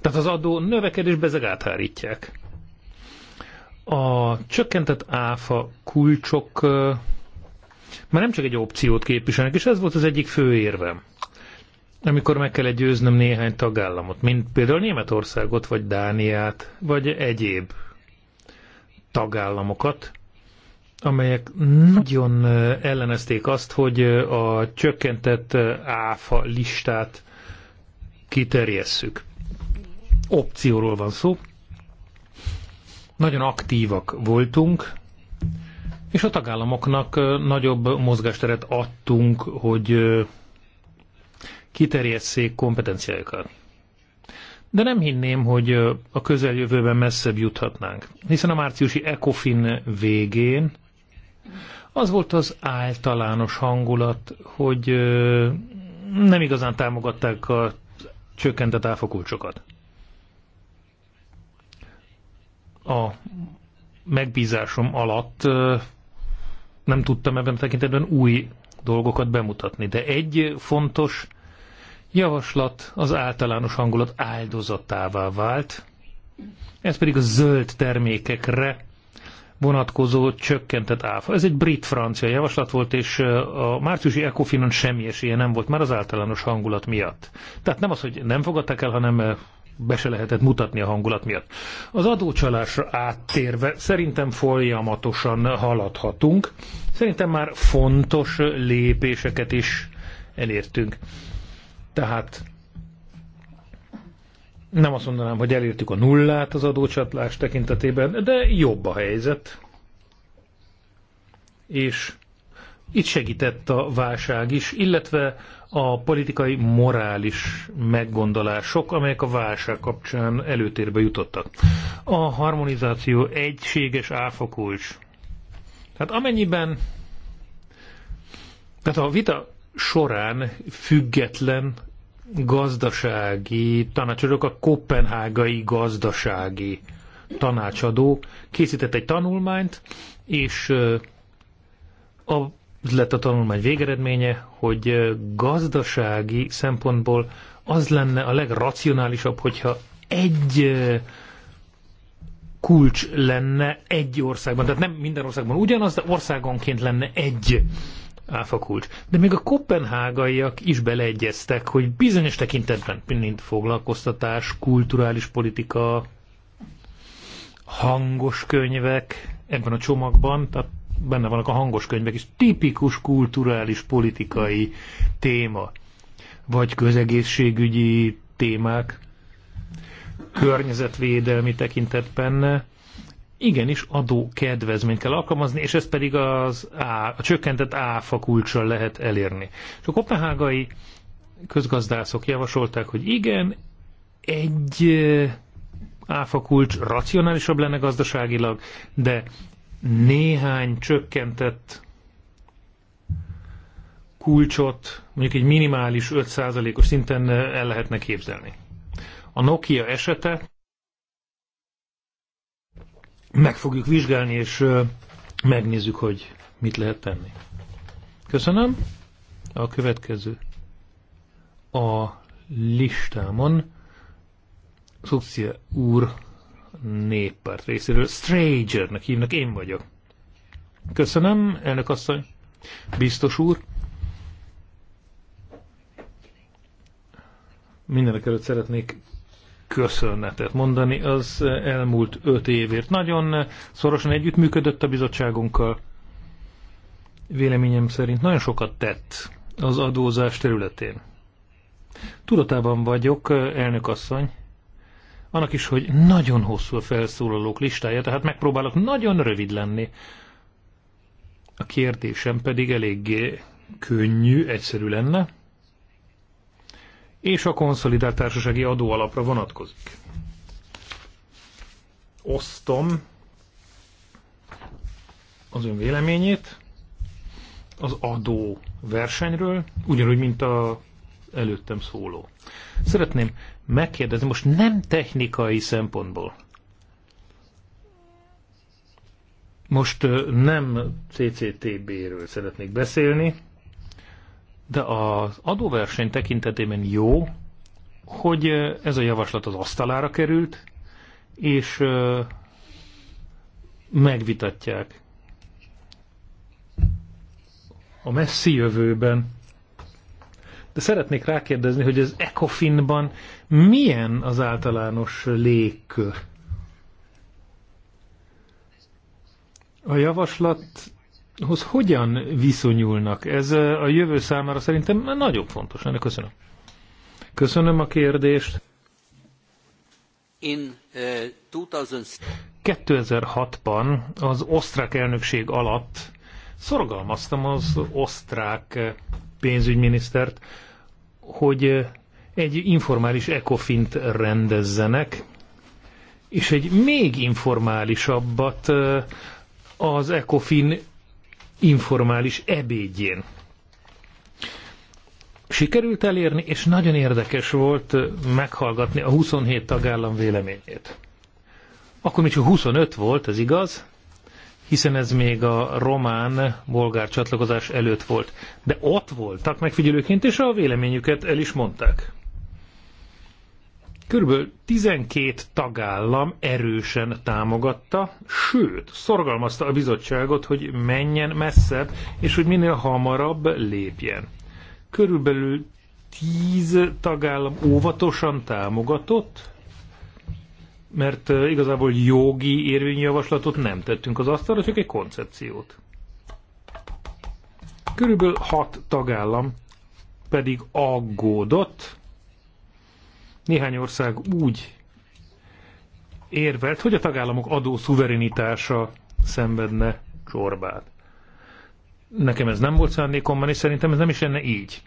tehát az adó növekedésbe ezek áthárítják. A csökkentett áfa kulcsok már nem csak egy opciót képviselnek, és ez volt az egyik fő érvem. Amikor meg kell győznöm néhány tagállamot, mint például Németországot, vagy Dániát, vagy egyéb tagállamokat, amelyek nagyon ellenezték azt, hogy a csökkentett áfa listát kiterjesszük. Opcióról van szó. Nagyon aktívak voltunk, és a tagállamoknak nagyobb mozgásteret adtunk, hogy kiterjesszék kompetenciájukat. De nem hinném, hogy a közeljövőben messzebb juthatnánk, hiszen a márciusi ECOFIN végén az volt az általános hangulat, hogy nem igazán támogatták a csökkentett áfakulcsokat. A megbízásom alatt nem tudtam ebben a tekintetben új dolgokat bemutatni, de egy fontos javaslat az általános hangulat áldozatává vált, ez pedig a zöld termékekre vonatkozó csökkentett áfa. Ez egy brit-francia javaslat volt, és a márciusi Ecofinon semmi esélye nem volt már az általános hangulat miatt. Tehát nem az, hogy nem fogadtak el, hanem be se lehetett mutatni a hangulat miatt. Az adócsalásra áttérve szerintem folyamatosan haladhatunk. Szerintem már fontos lépéseket is elértünk. Tehát nem azt mondanám, hogy elértük a nullát az adócsatlás tekintetében, de jobb a helyzet. És itt segített a válság is, illetve a politikai morális meggondolások, amelyek a válság kapcsán előtérbe jutottak. A harmonizáció egységes áfakulcs. Tehát amennyiben, tehát a vita során független gazdasági tanácsadók, a kopenhágai gazdasági tanácsadó készített egy tanulmányt, és az lett a tanulmány végeredménye, hogy gazdasági szempontból az lenne a legracionálisabb, hogyha egy kulcs lenne egy országban. Tehát nem minden országban ugyanaz, de országonként lenne egy áfakulcs. De még a kopenhágaiak is beleegyeztek, hogy bizonyos tekintetben, mint foglalkoztatás, kulturális politika, hangos könyvek ebben a csomagban, tehát benne vannak a hangos könyvek is, tipikus kulturális politikai téma, vagy közegészségügyi témák, környezetvédelmi benne igenis adó kedvezményt kell alkalmazni, és ezt pedig az á, a csökkentett áfa kulcsal lehet elérni. És a kopenhágai közgazdászok javasolták, hogy igen, egy áfa kulcs racionálisabb lenne gazdaságilag, de néhány csökkentett kulcsot mondjuk egy minimális 5%-os szinten el lehetne képzelni. A Nokia esete meg fogjuk vizsgálni, és megnézzük, hogy mit lehet tenni. Köszönöm. A következő. A listámon Szukcia úr néppárt részéről. Strangernek hívnak, én vagyok. Köszönöm, elnök asszony. Biztos úr. Mindenek előtt szeretnék köszönetet mondani az elmúlt öt évért. Nagyon szorosan együttműködött a bizottságunkkal. Véleményem szerint nagyon sokat tett az adózás területén. Tudatában vagyok, elnök asszony, annak is, hogy nagyon hosszú a felszólalók listája, tehát megpróbálok nagyon rövid lenni. A kérdésem pedig eléggé könnyű, egyszerű lenne és a konszolidált társasági adóalapra vonatkozik. Osztom az ön véleményét az adó versenyről, ugyanúgy, mint a előttem szóló. Szeretném megkérdezni, most nem technikai szempontból, most nem CCTB-ről szeretnék beszélni, de az adóverseny tekintetében jó, hogy ez a javaslat az asztalára került, és megvitatják a messzi jövőben. De szeretnék rákérdezni, hogy az ECOFIN-ban milyen az általános légkör? A javaslat hoz hogyan viszonyulnak? Ez a jövő számára szerintem nagyobb fontos ennek Köszönöm. Köszönöm a kérdést. In, uh, 2006-ban az osztrák elnökség alatt szorgalmaztam az osztrák pénzügyminisztert, hogy egy informális ekofint rendezzenek, és egy még informálisabbat az ECOFIN informális ebédjén. Sikerült elérni, és nagyon érdekes volt meghallgatni a 27 tagállam véleményét. Akkor még csak 25 volt, ez igaz, hiszen ez még a román-bolgár csatlakozás előtt volt. De ott voltak megfigyelőként, és a véleményüket el is mondták. Körülbelül 12 tagállam erősen támogatta, sőt, szorgalmazta a bizottságot, hogy menjen messzebb, és hogy minél hamarabb lépjen. Körülbelül 10 tagállam óvatosan támogatott, mert eh, igazából jogi érvényjavaslatot nem tettünk az asztalra, csak egy koncepciót. Körülbelül 6 tagállam pedig aggódott, néhány ország úgy érvelt, hogy a tagállamok adó szuverenitása szenvedne csorbát. Nekem ez nem volt szándékomban, és szerintem ez nem is lenne így.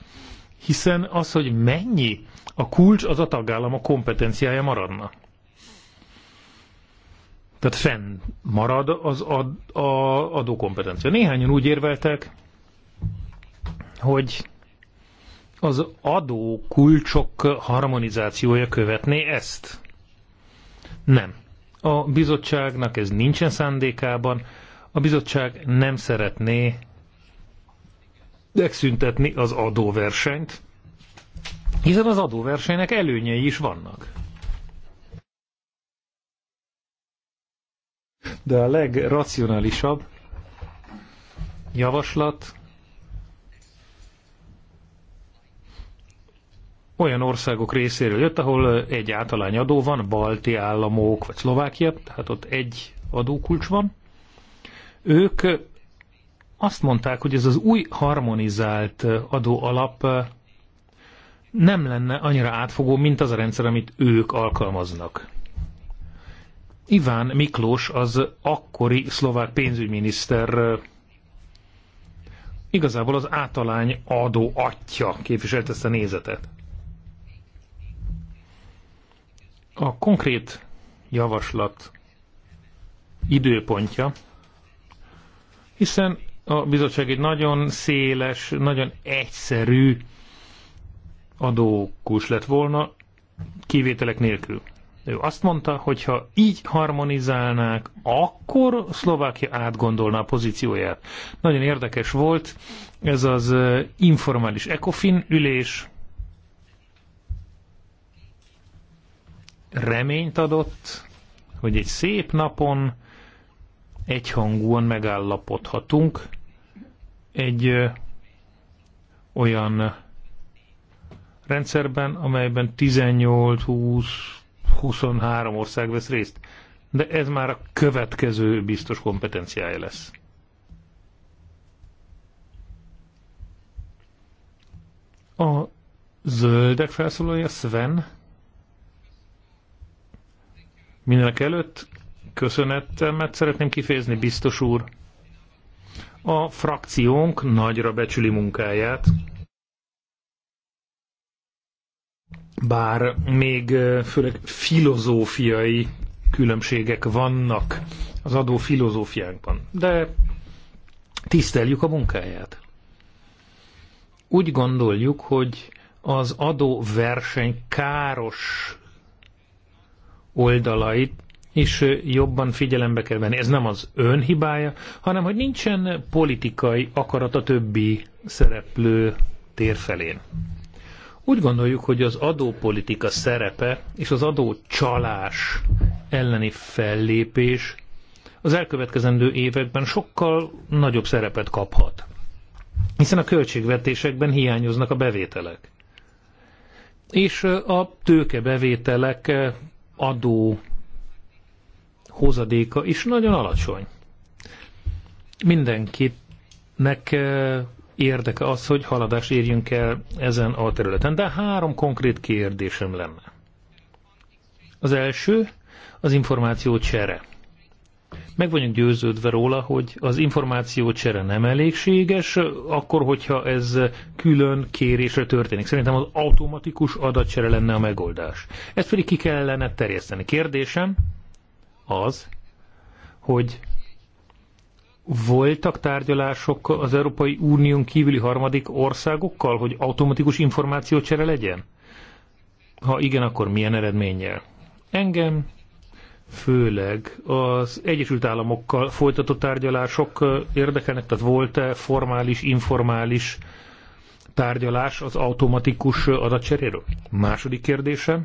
Hiszen az, hogy mennyi a kulcs, az a tagállam a kompetenciája maradna. Tehát fenn marad az ad, a adókompetencia. Néhányan úgy érveltek, hogy az adókulcsok harmonizációja követné ezt? Nem. A bizottságnak ez nincsen szándékában. A bizottság nem szeretné megszüntetni az adóversenyt, hiszen az adóversenynek előnyei is vannak. De a legracionálisabb javaslat olyan országok részéről jött, ahol egy általány adó van, balti államok, vagy Szlovákia, tehát ott egy adókulcs van. Ők azt mondták, hogy ez az új harmonizált adó alap nem lenne annyira átfogó, mint az a rendszer, amit ők alkalmaznak. Iván Miklós, az akkori szlovák pénzügyminiszter igazából az általány adó atya képviselte ezt a nézetet. A konkrét javaslat időpontja, hiszen a bizottság egy nagyon széles, nagyon egyszerű adókus lett volna, kivételek nélkül. Ő azt mondta, hogy ha így harmonizálnák, akkor Szlovákia átgondolná a pozícióját. Nagyon érdekes volt ez az eh, informális ECOFIN ülés, reményt adott, hogy egy szép napon egyhangúan megállapodhatunk egy olyan rendszerben, amelyben 18, 20, 23 ország vesz részt. De ez már a következő biztos kompetenciája lesz. A zöldek felszólója Sven Mindenek előtt köszönetemet szeretném kifejezni, biztos úr. A frakciónk nagyra becsüli munkáját, bár még főleg filozófiai különbségek vannak az adó filozófiánkban, de tiszteljük a munkáját. Úgy gondoljuk, hogy az adóverseny káros oldalait is jobban figyelembe kell venni. Ez nem az ön hibája, hanem hogy nincsen politikai akarat a többi szereplő tér felén. Úgy gondoljuk, hogy az adópolitika szerepe és az adócsalás elleni fellépés az elkövetkezendő években sokkal nagyobb szerepet kaphat. Hiszen a költségvetésekben hiányoznak a bevételek. És a tőkebevételek adó hozadéka is nagyon alacsony. Mindenkinek eh, érdeke az, hogy haladás érjünk el ezen a területen. De három konkrét kérdésem lenne. Az első az információ csere. Meg vagyunk győződve róla, hogy az információcsere nem elégséges, akkor, hogyha ez külön kérésre történik. Szerintem az automatikus adatcsere lenne a megoldás. Ezt pedig ki kellene terjeszteni. Kérdésem az, hogy voltak tárgyalások az Európai Unión kívüli harmadik országokkal, hogy automatikus információcsere legyen? Ha igen, akkor milyen eredménnyel? Engem főleg az Egyesült Államokkal folytatott tárgyalások érdekelnek, tehát volt-e formális, informális tárgyalás az automatikus adatcseréről? Második kérdése.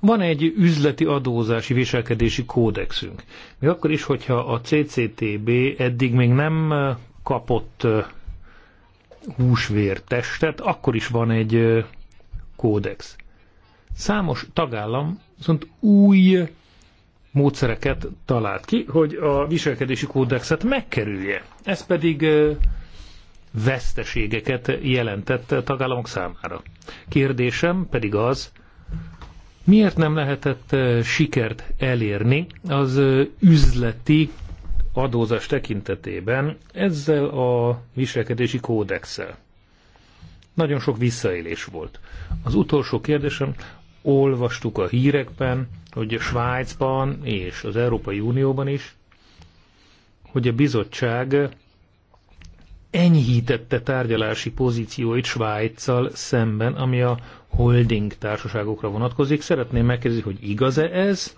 Van egy üzleti adózási viselkedési kódexünk. Még akkor is, hogyha a CCTB eddig még nem kapott húsvértestet, akkor is van egy kódex. Számos tagállam viszont új módszereket talált ki, hogy a viselkedési kódexet megkerülje. Ez pedig veszteségeket jelentett a tagállamok számára. Kérdésem pedig az, miért nem lehetett sikert elérni az üzleti adózás tekintetében ezzel a viselkedési kódexsel? Nagyon sok visszaélés volt. Az utolsó kérdésem, olvastuk a hírekben, hogy Svájcban és az Európai Unióban is, hogy a bizottság enyhítette tárgyalási pozícióit Svájccal szemben, ami a holding társaságokra vonatkozik. Szeretném megkérdezni, hogy igaz-e ez,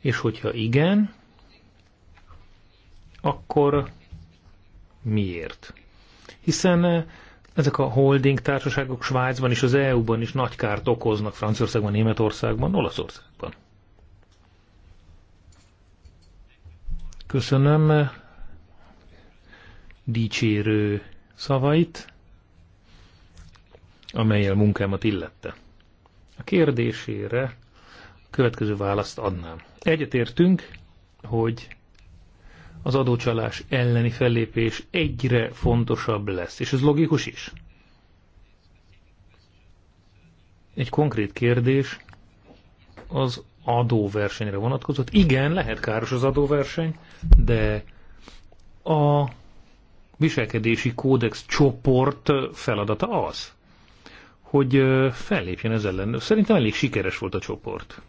és hogyha igen, akkor miért? Hiszen ezek a holding társaságok Svájcban és az EU-ban is nagy kárt okoznak Franciaországban, Németországban, Olaszországban. Köszönöm dicsérő szavait, amelyel munkámat illette. A kérdésére a következő választ adnám. Egyetértünk, hogy az adócsalás elleni fellépés egyre fontosabb lesz, és ez logikus is. Egy konkrét kérdés az adóversenyre vonatkozott. Igen, lehet káros az adóverseny, de a viselkedési kódex csoport feladata az, hogy fellépjen ez ellen. Szerintem elég sikeres volt a csoport.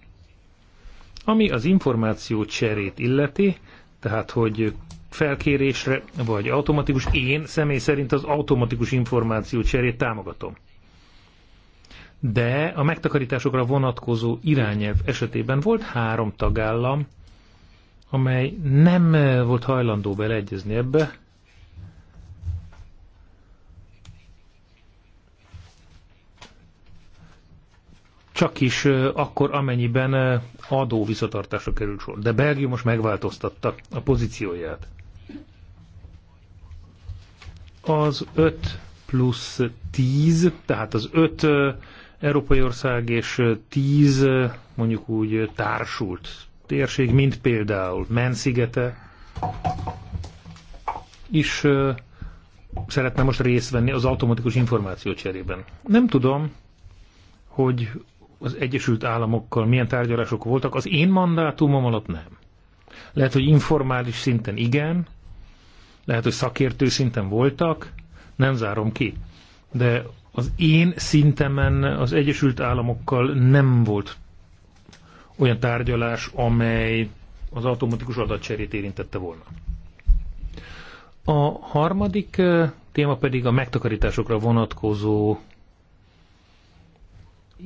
Ami az információ cserét illeti, tehát hogy felkérésre vagy automatikus, én személy szerint az automatikus információ cserét támogatom. De a megtakarításokra vonatkozó irányelv esetében volt három tagállam, amely nem volt hajlandó beleegyezni ebbe, csak is akkor, amennyiben adó visszatartásra kerül sor. De Belgium most megváltoztatta a pozícióját. Az 5 plusz 10, tehát az 5 európai ország és 10 mondjuk úgy társult térség, mint például Menszigete is szeretne most részt venni az automatikus információ cserében. Nem tudom, hogy az Egyesült Államokkal milyen tárgyalások voltak, az én mandátumom alatt nem. Lehet, hogy informális szinten igen, lehet, hogy szakértő szinten voltak, nem zárom ki. De az én szintemen az Egyesült Államokkal nem volt olyan tárgyalás, amely az automatikus adatcserét érintette volna. A harmadik eh, téma pedig a megtakarításokra vonatkozó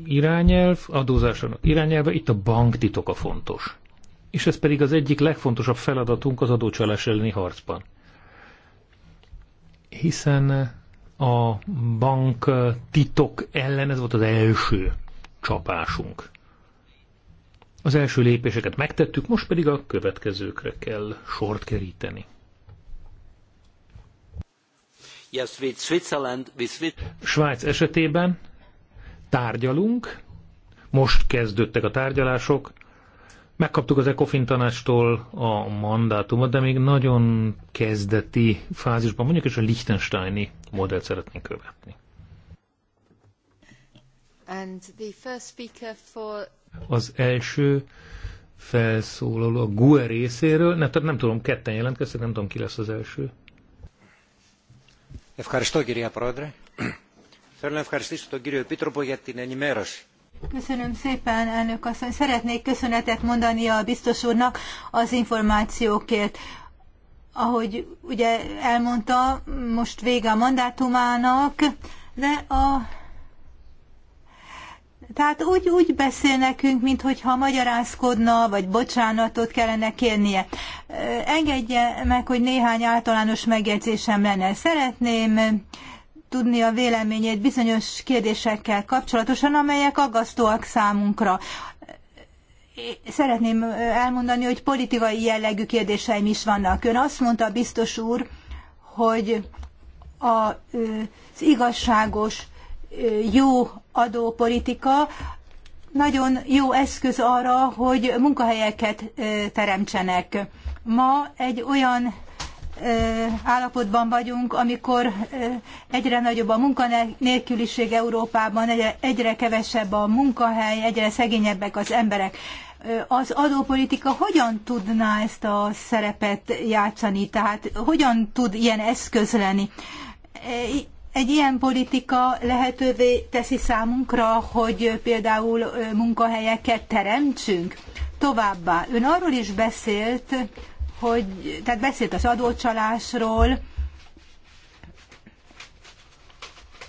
irányelv, adózásának irányelve, itt a banktitok a fontos. És ez pedig az egyik legfontosabb feladatunk az adócsalás elleni harcban. Hiszen a bank titok ellen ez volt az első csapásunk. Az első lépéseket megtettük, most pedig a következőkre kell sort keríteni. Yes, with Switzerland, with... Svájc esetében tárgyalunk, most kezdődtek a tárgyalások, megkaptuk az ECOFIN tanástól a mandátumot, de még nagyon kezdeti fázisban mondjuk, és a Liechtensteini modellt szeretnénk követni. For... Az első felszólaló a GUE részéről, nem, tehát nem tudom, ketten jelentkeztek, nem tudom ki lesz az első. Ευχαριστώ κυρία Πρόεδρε. Köszönöm szépen, Szeretnék köszönetet mondani a biztos úrnak az információkért. Ahogy ugye elmondta, most vége a mandátumának, de a tehát úgy, úgy beszél nekünk, mintha magyarázkodna, vagy bocsánatot kellene kérnie. Engedje meg, hogy néhány általános megjegyzésem lenne. Szeretném tudni a véleményét bizonyos kérdésekkel kapcsolatosan, amelyek aggasztóak számunkra. Szeretném elmondani, hogy politikai jellegű kérdéseim is vannak. Ön azt mondta, a biztos úr, hogy a, az igazságos, jó adópolitika nagyon jó eszköz arra, hogy munkahelyeket teremtsenek. Ma egy olyan állapotban vagyunk, amikor egyre nagyobb a munkanélküliség Európában, egyre, egyre kevesebb a munkahely, egyre szegényebbek az emberek. Az adópolitika hogyan tudná ezt a szerepet játszani, tehát hogyan tud ilyen eszköz lenni? Egy ilyen politika lehetővé teszi számunkra, hogy például munkahelyeket teremtsünk. Továbbá, ön arról is beszélt, hogy, tehát beszélt az adócsalásról,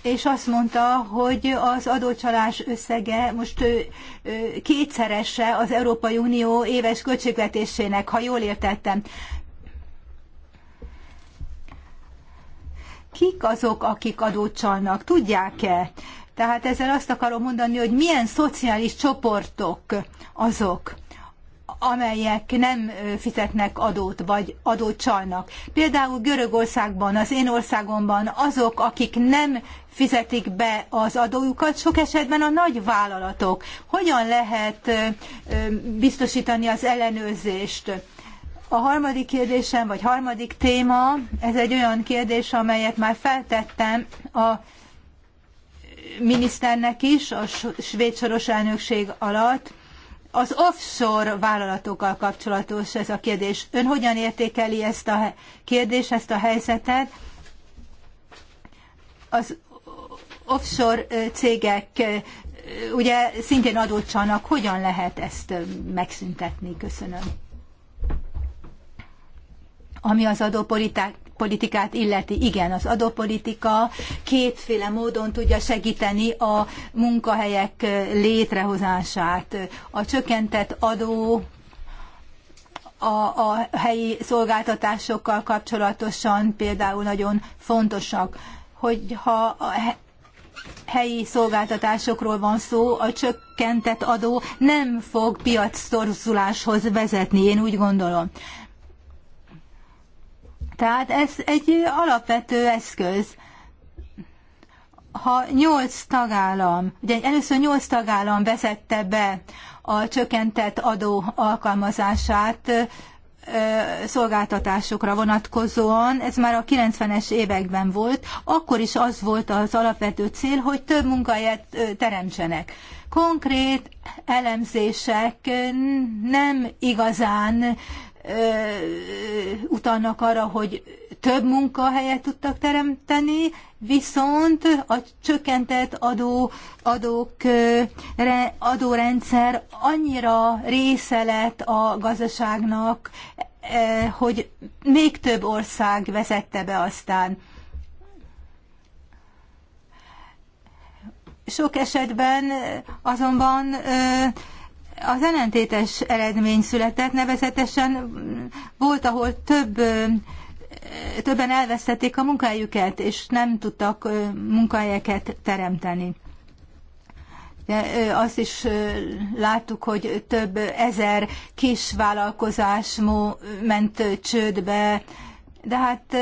és azt mondta, hogy az adócsalás összege most ő kétszerese az Európai Unió éves költségvetésének, ha jól értettem. Kik azok, akik adót csalnak? Tudják-e? Tehát ezzel azt akarom mondani, hogy milyen szociális csoportok azok, amelyek nem fizetnek adót, vagy adót csalnak. Például Görögországban, az én országomban azok, akik nem fizetik be az adójukat, sok esetben a nagy vállalatok. Hogyan lehet biztosítani az ellenőrzést? A harmadik kérdésem, vagy harmadik téma, ez egy olyan kérdés, amelyet már feltettem a miniszternek is, a svéd soros elnökség alatt, az offshore vállalatokkal kapcsolatos ez a kérdés. Ön hogyan értékeli ezt a kérdést, ezt a helyzetet? Az offshore cégek ugye szintén adócsanak, hogyan lehet ezt megszüntetni? Köszönöm. Ami az adópolitikát politikát illeti. Igen, az adópolitika kétféle módon tudja segíteni a munkahelyek létrehozását. A csökkentett adó a, a helyi szolgáltatásokkal kapcsolatosan például nagyon fontosak, hogyha a helyi szolgáltatásokról van szó, a csökkentett adó nem fog piac vezetni, én úgy gondolom. Tehát ez egy alapvető eszköz. Ha nyolc tagállam, ugye először nyolc tagállam vezette be a csökkentett adó alkalmazását szolgáltatásokra vonatkozóan, ez már a 90-es években volt, akkor is az volt az alapvető cél, hogy több munkahelyet teremtsenek. Konkrét elemzések nem igazán utalnak arra, hogy több munkahelyet tudtak teremteni, viszont a csökkentett adó, adók, adórendszer annyira része lett a gazdaságnak, hogy még több ország vezette be aztán. Sok esetben azonban az ellentétes eredmény született, nevezetesen volt, ahol több többen elvesztették a munkájukat és nem tudtak munkahelyeket teremteni. De azt is láttuk, hogy több ezer kis vállalkozás ment csődbe, de hát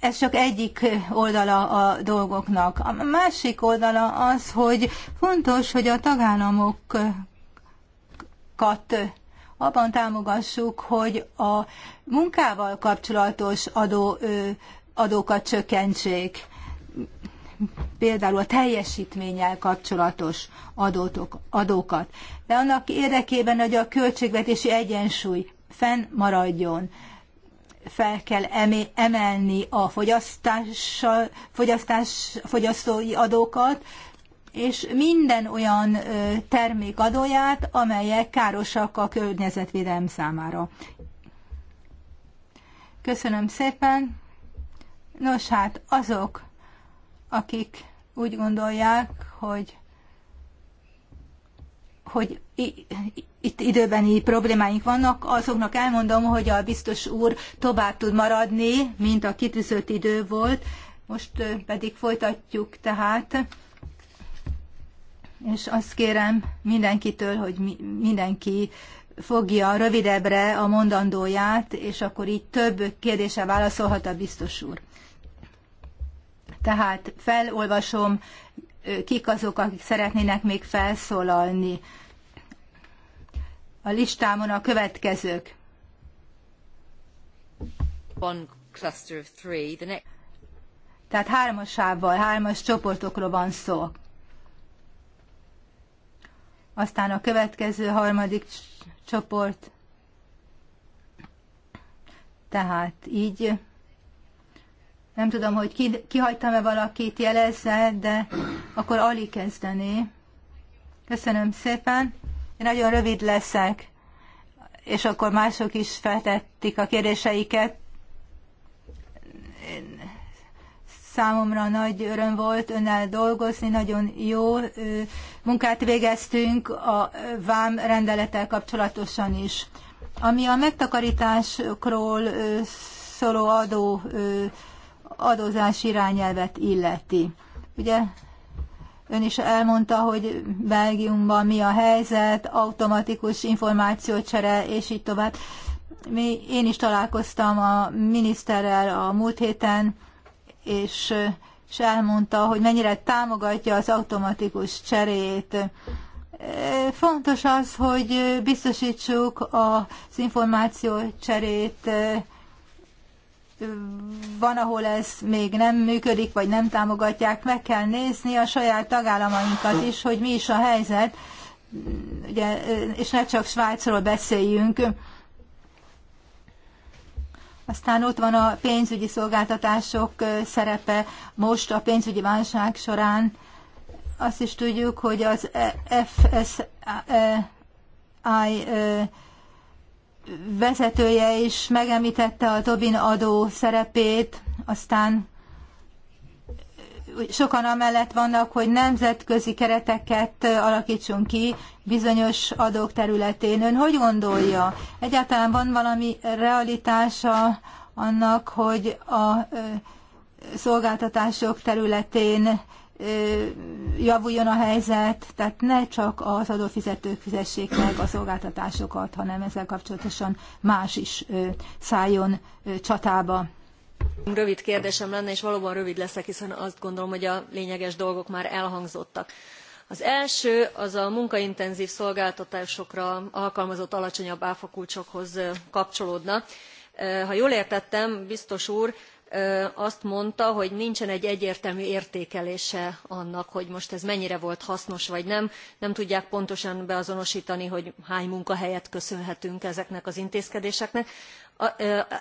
ez csak egyik oldala a dolgoknak. A másik oldala az, hogy fontos, hogy a tagállamok abban támogassuk, hogy a munkával kapcsolatos adó, adókat csökkentsék, például a teljesítménnyel kapcsolatos adótok, adókat. De annak érdekében, hogy a költségvetési egyensúly fennmaradjon, fel kell emelni a fogyasztással, fogyasztás, fogyasztói adókat, és minden olyan termékadóját, amelyek károsak a környezetvédelem számára. Köszönöm szépen. Nos hát azok, akik úgy gondolják, hogy hogy itt időbeni problémáink vannak, azoknak elmondom, hogy a biztos úr tovább tud maradni, mint a kitűzött idő volt. Most pedig folytatjuk tehát és azt kérem mindenkitől, hogy mindenki fogja rövidebbre a mondandóját, és akkor így több kérdése válaszolhat a biztos úr. Tehát felolvasom, kik azok, akik szeretnének még felszólalni. A listámon a következők. One cluster of three, Tehát hármasával, hármas csoportokról van szó. Aztán a következő harmadik csoport. Tehát így nem tudom, hogy ki, kihagytam-e valakit, jelezze, de akkor alig kezdené. Köszönöm szépen. Én nagyon rövid leszek, és akkor mások is feltették a kérdéseiket. Én Számomra nagy öröm volt önnel dolgozni, nagyon jó munkát végeztünk a vám rendelettel kapcsolatosan is. Ami a megtakarításokról szóló adó, adózás irányelvet illeti. Ugye ön is elmondta, hogy Belgiumban mi a helyzet, automatikus információcsere, és így tovább. Mi, én is találkoztam a miniszterrel a múlt héten, és, és elmondta, hogy mennyire támogatja az automatikus cserét. Fontos az, hogy biztosítsuk az információ cserét. Van, ahol ez még nem működik, vagy nem támogatják. Meg kell nézni a saját tagállamainkat is, hogy mi is a helyzet, ugye, és ne csak Svájcról beszéljünk aztán ott van a pénzügyi szolgáltatások szerepe most a pénzügyi válság során. Azt is tudjuk, hogy az e, FSI e, vezetője is megemlítette a Tobin adó szerepét, aztán sokan amellett vannak, hogy nemzetközi kereteket alakítsunk ki bizonyos adók területén. Ön hogy gondolja? Egyáltalán van valami realitása annak, hogy a szolgáltatások területén javuljon a helyzet, tehát ne csak az adófizetők fizessék meg a szolgáltatásokat, hanem ezzel kapcsolatosan más is szálljon csatába. Rövid kérdésem lenne, és valóban rövid leszek, hiszen azt gondolom, hogy a lényeges dolgok már elhangzottak. Az első az a munkaintenzív szolgáltatásokra alkalmazott alacsonyabb áfakulcsokhoz kapcsolódna. Ha jól értettem, biztos úr, azt mondta hogy nincsen egy egyértelmű értékelése annak hogy most ez mennyire volt hasznos vagy nem nem tudják pontosan beazonostani hogy hány munkahelyet köszönhetünk ezeknek az intézkedéseknek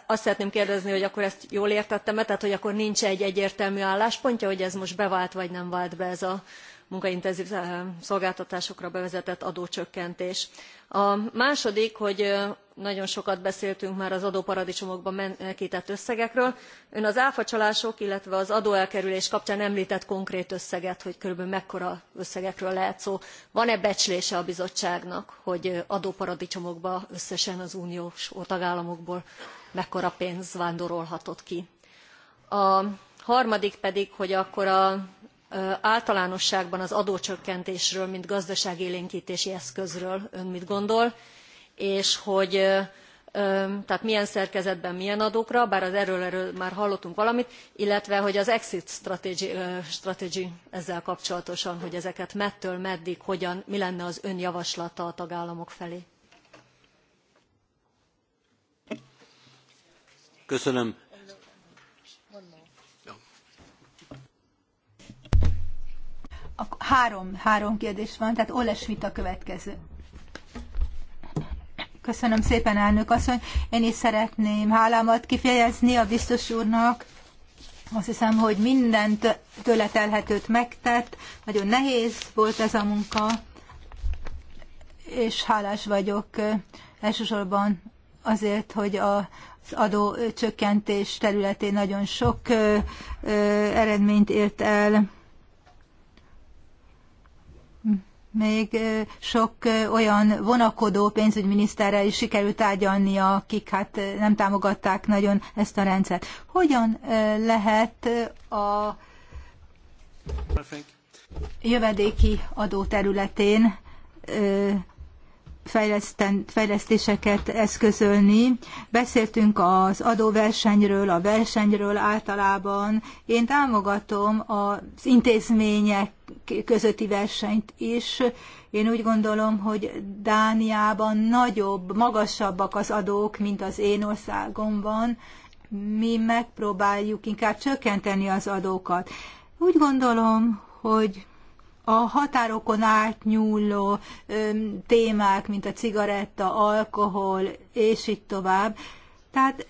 azt szeretném kérdezni hogy akkor ezt jól értettem e tehát hogy akkor nincs egy egyértelmű álláspontja hogy ez most bevált vagy nem vált be ez a munkaintenzv szolgáltatásokra bevezetett adócsökkentés. a második hogy nagyon sokat beszéltünk már az adóparadicsomokba menektett összegekről ön az áfacsalások illetve az adóelkerülés kapcsán emltett konkrét összeget hogy körülbelül mekkora összegekről lehet szó van e becslése a bizottságnak hogy adóparadicsomokba összesen az uniós tagállamokból mekkora pénz vándorolhatott ki? a harmadik pedig hogy akkor a általánosságban az adócsökkentésről mint gazdaságélénktési eszközről ön mit gondol? és hogy tehát milyen szerkezetben milyen adókra bár az erről, már hallottunk valamit illetve hogy az exit strategy, ezzel kapcsolatosan hogy ezeket mettől meddig hogyan mi lenne az ön javaslata a tagállamok felé. Köszönöm. Három, három kérdés van, tehát Oles a következő. Köszönöm szépen, elnök asszony. Én is szeretném hálámat kifejezni a biztos úrnak. Azt hiszem, hogy mindent tőle telhetőt megtett. Nagyon nehéz volt ez a munka, és hálás vagyok elsősorban azért, hogy a, az adó csökkentés területén nagyon sok ö, ö, eredményt ért el. még sok olyan vonakodó pénzügyminiszterrel is sikerült tárgyalnia, akik hát nem támogatták nagyon ezt a rendszert. Hogyan lehet a jövedéki adó területén fejlesztéseket eszközölni. Beszéltünk az adóversenyről, a versenyről általában. Én támogatom az intézmények közötti versenyt is. Én úgy gondolom, hogy Dániában nagyobb, magasabbak az adók, mint az én országomban. Mi megpróbáljuk inkább csökkenteni az adókat. Úgy gondolom, hogy a határokon átnyúló témák, mint a cigaretta, alkohol, és így tovább. Tehát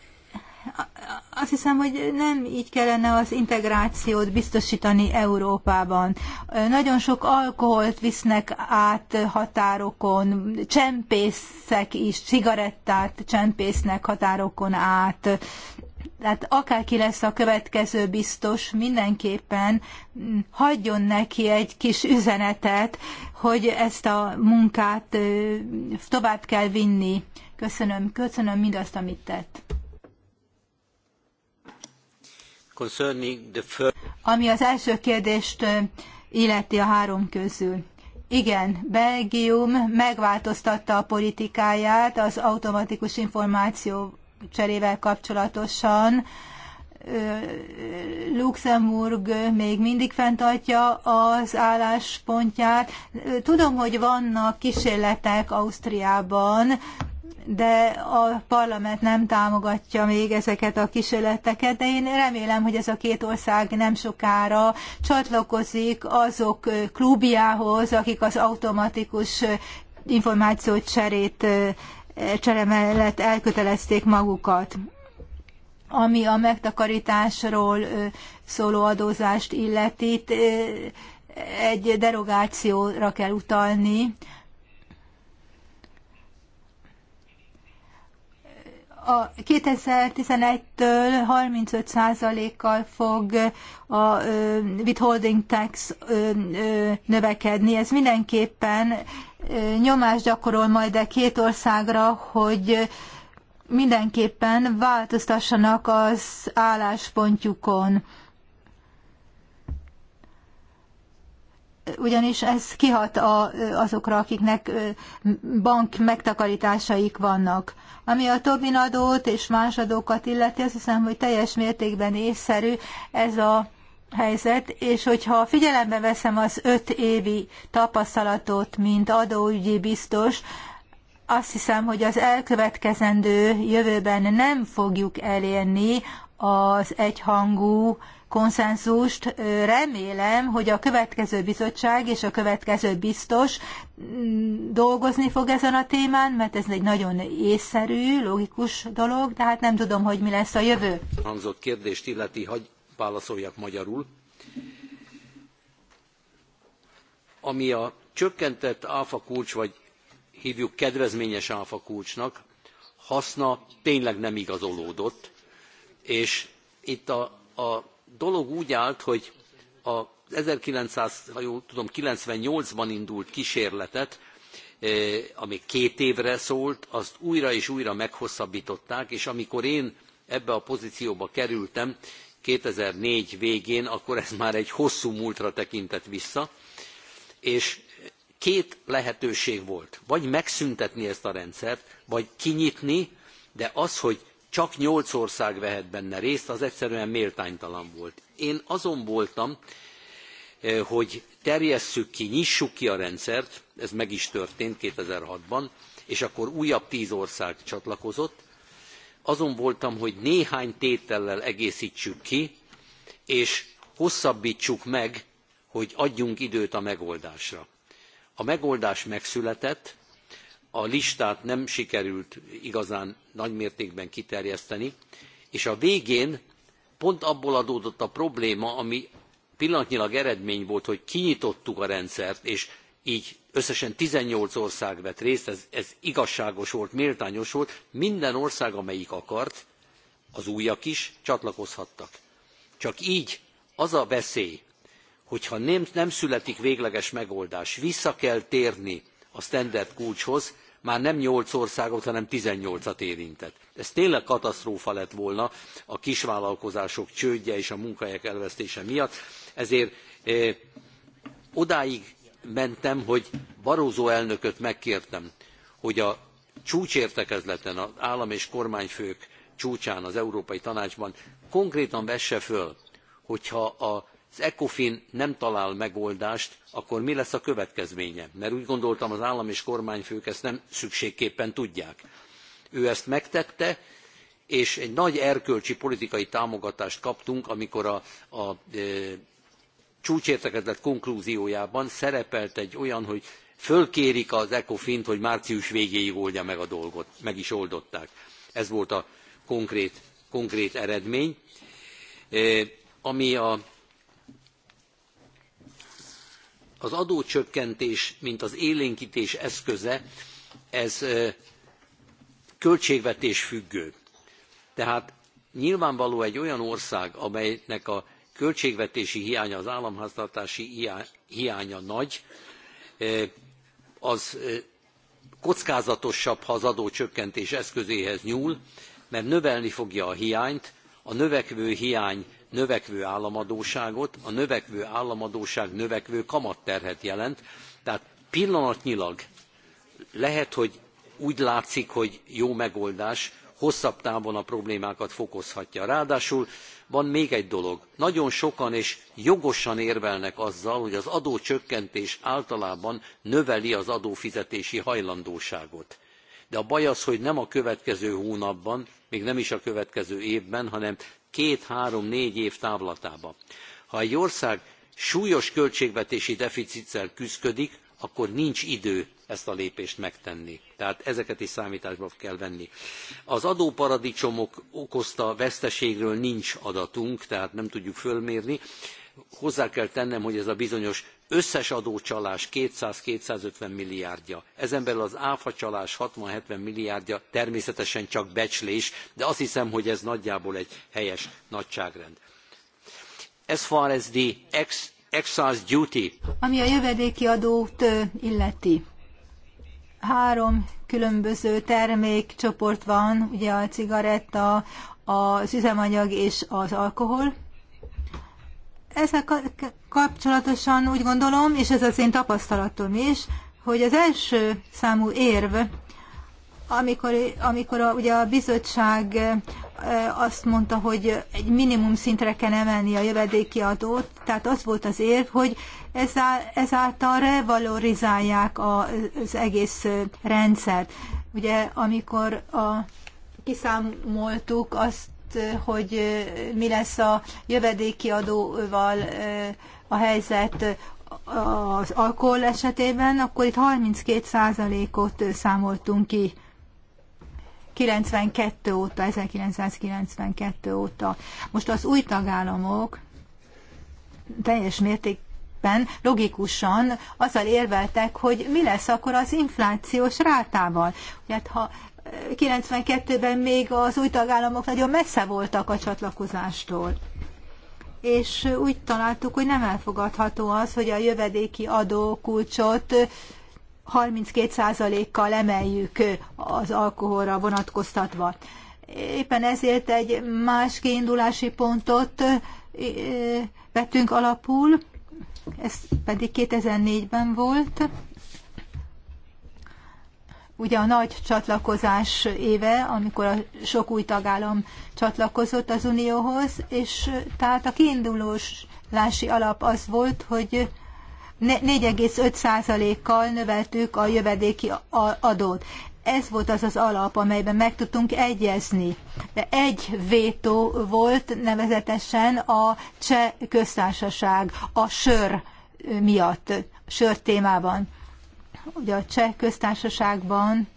azt hiszem, hogy nem így kellene az integrációt biztosítani Európában. Nagyon sok alkoholt visznek át határokon, csempészek is, cigarettát csempésznek határokon át. Tehát akárki lesz a következő biztos, mindenképpen hagyjon neki egy kis üzenetet, hogy ezt a munkát tovább kell vinni. Köszönöm, köszönöm mindazt, amit tett. Ami az első kérdést illeti a három közül. Igen, Belgium megváltoztatta a politikáját az automatikus információ cserével kapcsolatosan. Luxemburg még mindig fenntartja az álláspontját. Tudom, hogy vannak kísérletek Ausztriában de a parlament nem támogatja még ezeket a kísérleteket, de én remélem, hogy ez a két ország nem sokára csatlakozik azok klubjához, akik az automatikus információcsere csere mellett elkötelezték magukat. Ami a megtakarításról szóló adózást illeti, egy derogációra kell utalni, a 2011-től 35%-kal fog a withholding tax növekedni. Ez mindenképpen nyomást gyakorol majd a e két országra, hogy mindenképpen változtassanak az álláspontjukon. ugyanis ez kihat a, azokra, akiknek bank megtakarításaik vannak. Ami a Tobin adót és más adókat illeti, azt hiszem, hogy teljes mértékben észszerű ez a helyzet, és hogyha figyelembe veszem az öt évi tapasztalatot, mint adóügyi biztos, azt hiszem, hogy az elkövetkezendő jövőben nem fogjuk elérni az egyhangú konszenzust. Remélem, hogy a következő bizottság és a következő biztos mm, dolgozni fog ezen a témán, mert ez egy nagyon észszerű, logikus dolog, de hát nem tudom, hogy mi lesz a jövő. Hangzott kérdést illeti, hagy válaszoljak magyarul. Ami a csökkentett áfakulcs, vagy hívjuk kedvezményes áfakulcsnak, haszna tényleg nem igazolódott, és itt a, a dolog úgy állt, hogy a 1998-ban indult kísérletet, e, ami két évre szólt, azt újra és újra meghosszabbították, és amikor én ebbe a pozícióba kerültem, 2004 végén, akkor ez már egy hosszú múltra tekintett vissza, és két lehetőség volt. Vagy megszüntetni ezt a rendszert, vagy kinyitni, de az, hogy csak nyolc ország vehet benne részt, az egyszerűen méltánytalan volt. Én azon voltam, eh, hogy terjesszük ki, nyissuk ki a rendszert, ez meg is történt 2006-ban, és akkor újabb tíz ország csatlakozott. Azon voltam, hogy néhány tétellel egészítsük ki, és hosszabbítsuk meg, hogy adjunk időt a megoldásra. A megoldás megszületett, a listát nem sikerült igazán nagy mértékben kiterjeszteni, és a végén pont abból adódott a probléma, ami pillanatnyilag eredmény volt, hogy kinyitottuk a rendszert, és így összesen 18 ország vett részt, ez, ez igazságos volt, méltányos volt, minden ország, amelyik akart, az újak is csatlakozhattak. Csak így az a veszély, hogyha nem, nem születik végleges megoldás, vissza kell térni a standard kulcshoz, már nem 8 országot, hanem tizennyolcat at érintett. Ez tényleg katasztrófa lett volna a kisvállalkozások csődje és a munkahelyek elvesztése miatt, ezért eh, odáig mentem, hogy Barózó elnököt megkértem, hogy a csúcsértekezleten, az állam és kormányfők csúcsán az Európai Tanácsban konkrétan vesse föl, hogyha a az ECOFIN nem talál megoldást, akkor mi lesz a következménye? Mert úgy gondoltam, az állam és kormányfők ezt nem szükségképpen tudják. Ő ezt megtette, és egy nagy erkölcsi politikai támogatást kaptunk, amikor a, a e, csúcsértekezlet konklúziójában szerepelt egy olyan, hogy fölkérik az ECOFIN-t, hogy március végéig oldja meg a dolgot. Meg is oldották. Ez volt a konkrét, konkrét eredmény. E, ami a az adócsökkentés, mint az élénkítés eszköze, ez költségvetés függő. Tehát nyilvánvaló egy olyan ország, amelynek a költségvetési hiánya, az államháztartási hiánya nagy, az kockázatosabb, ha az adócsökkentés eszközéhez nyúl, mert növelni fogja a hiányt, a növekvő hiány növekvő államadóságot, a növekvő államadóság növekvő kamatterhet jelent, tehát pillanatnyilag lehet, hogy úgy látszik, hogy jó megoldás, hosszabb távon a problémákat fokozhatja. Ráadásul van még egy dolog. Nagyon sokan és jogosan érvelnek azzal, hogy az adócsökkentés általában növeli az adófizetési hajlandóságot. De a baj az, hogy nem a következő hónapban, még nem is a következő évben, hanem két-három-négy év távlatába. Ha egy ország súlyos költségvetési deficittel küszködik, akkor nincs idő ezt a lépést megtenni. Tehát ezeket is számításba kell venni. Az adóparadicsomok okozta veszteségről nincs adatunk, tehát nem tudjuk fölmérni hozzá kell tennem, hogy ez a bizonyos összes adócsalás 200-250 milliárdja, ezen belül az áfacsalás 60-70 milliárdja természetesen csak becslés, de azt hiszem, hogy ez nagyjából egy helyes nagyságrend. As far as the ex excise duty. Ami a jövedéki adót illeti. Három különböző termékcsoport van, ugye a cigaretta, az üzemanyag és az alkohol. Ezzel kapcsolatosan úgy gondolom, és ez az én tapasztalatom is, hogy az első számú érv, amikor, amikor a, ugye a bizottság e, azt mondta, hogy egy minimum szintre kell emelni a jövedéki adót, tehát az volt az érv, hogy ezáltal revalorizálják az egész rendszert. Ugye amikor a, kiszámoltuk azt, hogy mi lesz a jövedéki adóval a helyzet az alkohol esetében, akkor itt 32%-ot számoltunk ki 92 óta, 1992 óta. Most az új tagállamok teljes mértékben logikusan azzal érveltek, hogy mi lesz akkor az inflációs rátával. Ugye, hát, ha 92-ben még az új tagállamok nagyon messze voltak a csatlakozástól. És úgy találtuk, hogy nem elfogadható az, hogy a jövedéki adókulcsot 32%-kal emeljük az alkoholra vonatkoztatva. Éppen ezért egy más kiindulási pontot e, vettünk alapul, ez pedig 2004-ben volt, ugye a nagy csatlakozás éve, amikor a sok új tagállam csatlakozott az Unióhoz, és tehát a kiindulási alap az volt, hogy 4,5%-kal növeltük a jövedéki adót. Ez volt az az alap, amelyben meg tudtunk egyezni. De egy vétó volt nevezetesen a cseh köztársaság a sör miatt, sör témában ugye a cseh köztársaságban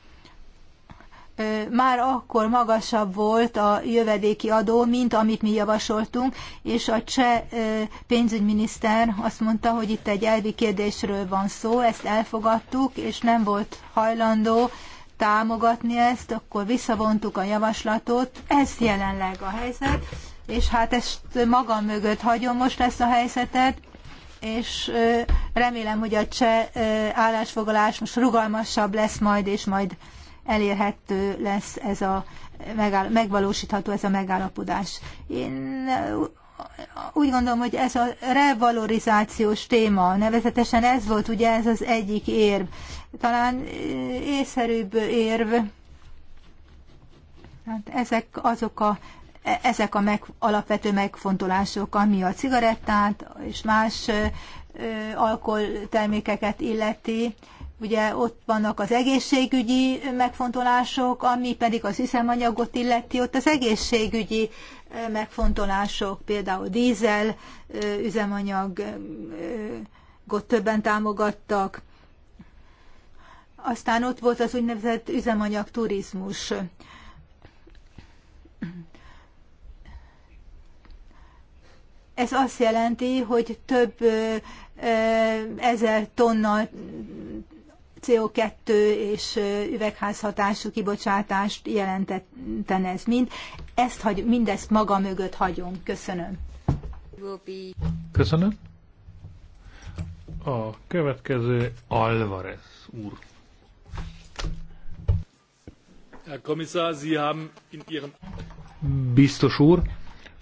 már akkor magasabb volt a jövedéki adó, mint amit mi javasoltunk, és a cseh pénzügyminiszter azt mondta, hogy itt egy elvi kérdésről van szó, ezt elfogadtuk, és nem volt hajlandó támogatni ezt, akkor visszavontuk a javaslatot. Ez jelenleg a helyzet, és hát ezt magam mögött hagyom most ezt a helyzetet és remélem, hogy a cseh állásfoglalás most rugalmasabb lesz majd, és majd elérhető lesz ez a megáll- megvalósítható ez a megállapodás. Én úgy gondolom, hogy ez a revalorizációs téma, nevezetesen ez volt ugye ez az egyik érv, talán észszerűbb érv. Hát ezek azok a ezek a meg, alapvető megfontolások, ami a cigarettát és más alkoholtermékeket illeti. Ugye ott vannak az egészségügyi megfontolások, ami pedig az üzemanyagot illeti, ott az egészségügyi megfontolások, például dízel üzemanyagot többen támogattak. Aztán ott volt az úgynevezett üzemanyag turizmus. Ez azt jelenti, hogy több ezer tonna CO2 és üvegházhatású kibocsátást jelentetten ez mind. Ezt hagy, mindezt maga mögött hagyom. Köszönöm. Köszönöm. A következő Alvarez úr. Herr Kommissar, Sie haben in Ihrem... Biztos úr,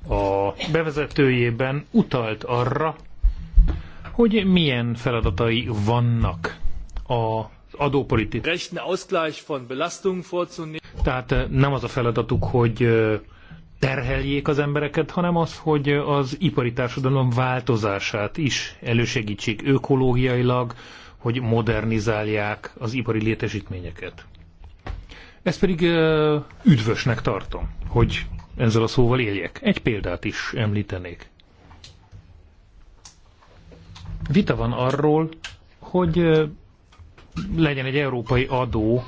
a bevezetőjében utalt arra, hogy milyen feladatai vannak a adópolitikában. Tehát eh, nem az a feladatuk, hogy eh, terheljék az embereket, hanem az, hogy eh, az ipari társadalom változását is elősegítsék ökológiailag, hogy modernizálják az ipari létesítményeket. Ezt pedig üdvösnek tartom, hogy ezzel a szóval éljek. Egy példát is említenék. Vita van arról, hogy legyen egy európai adó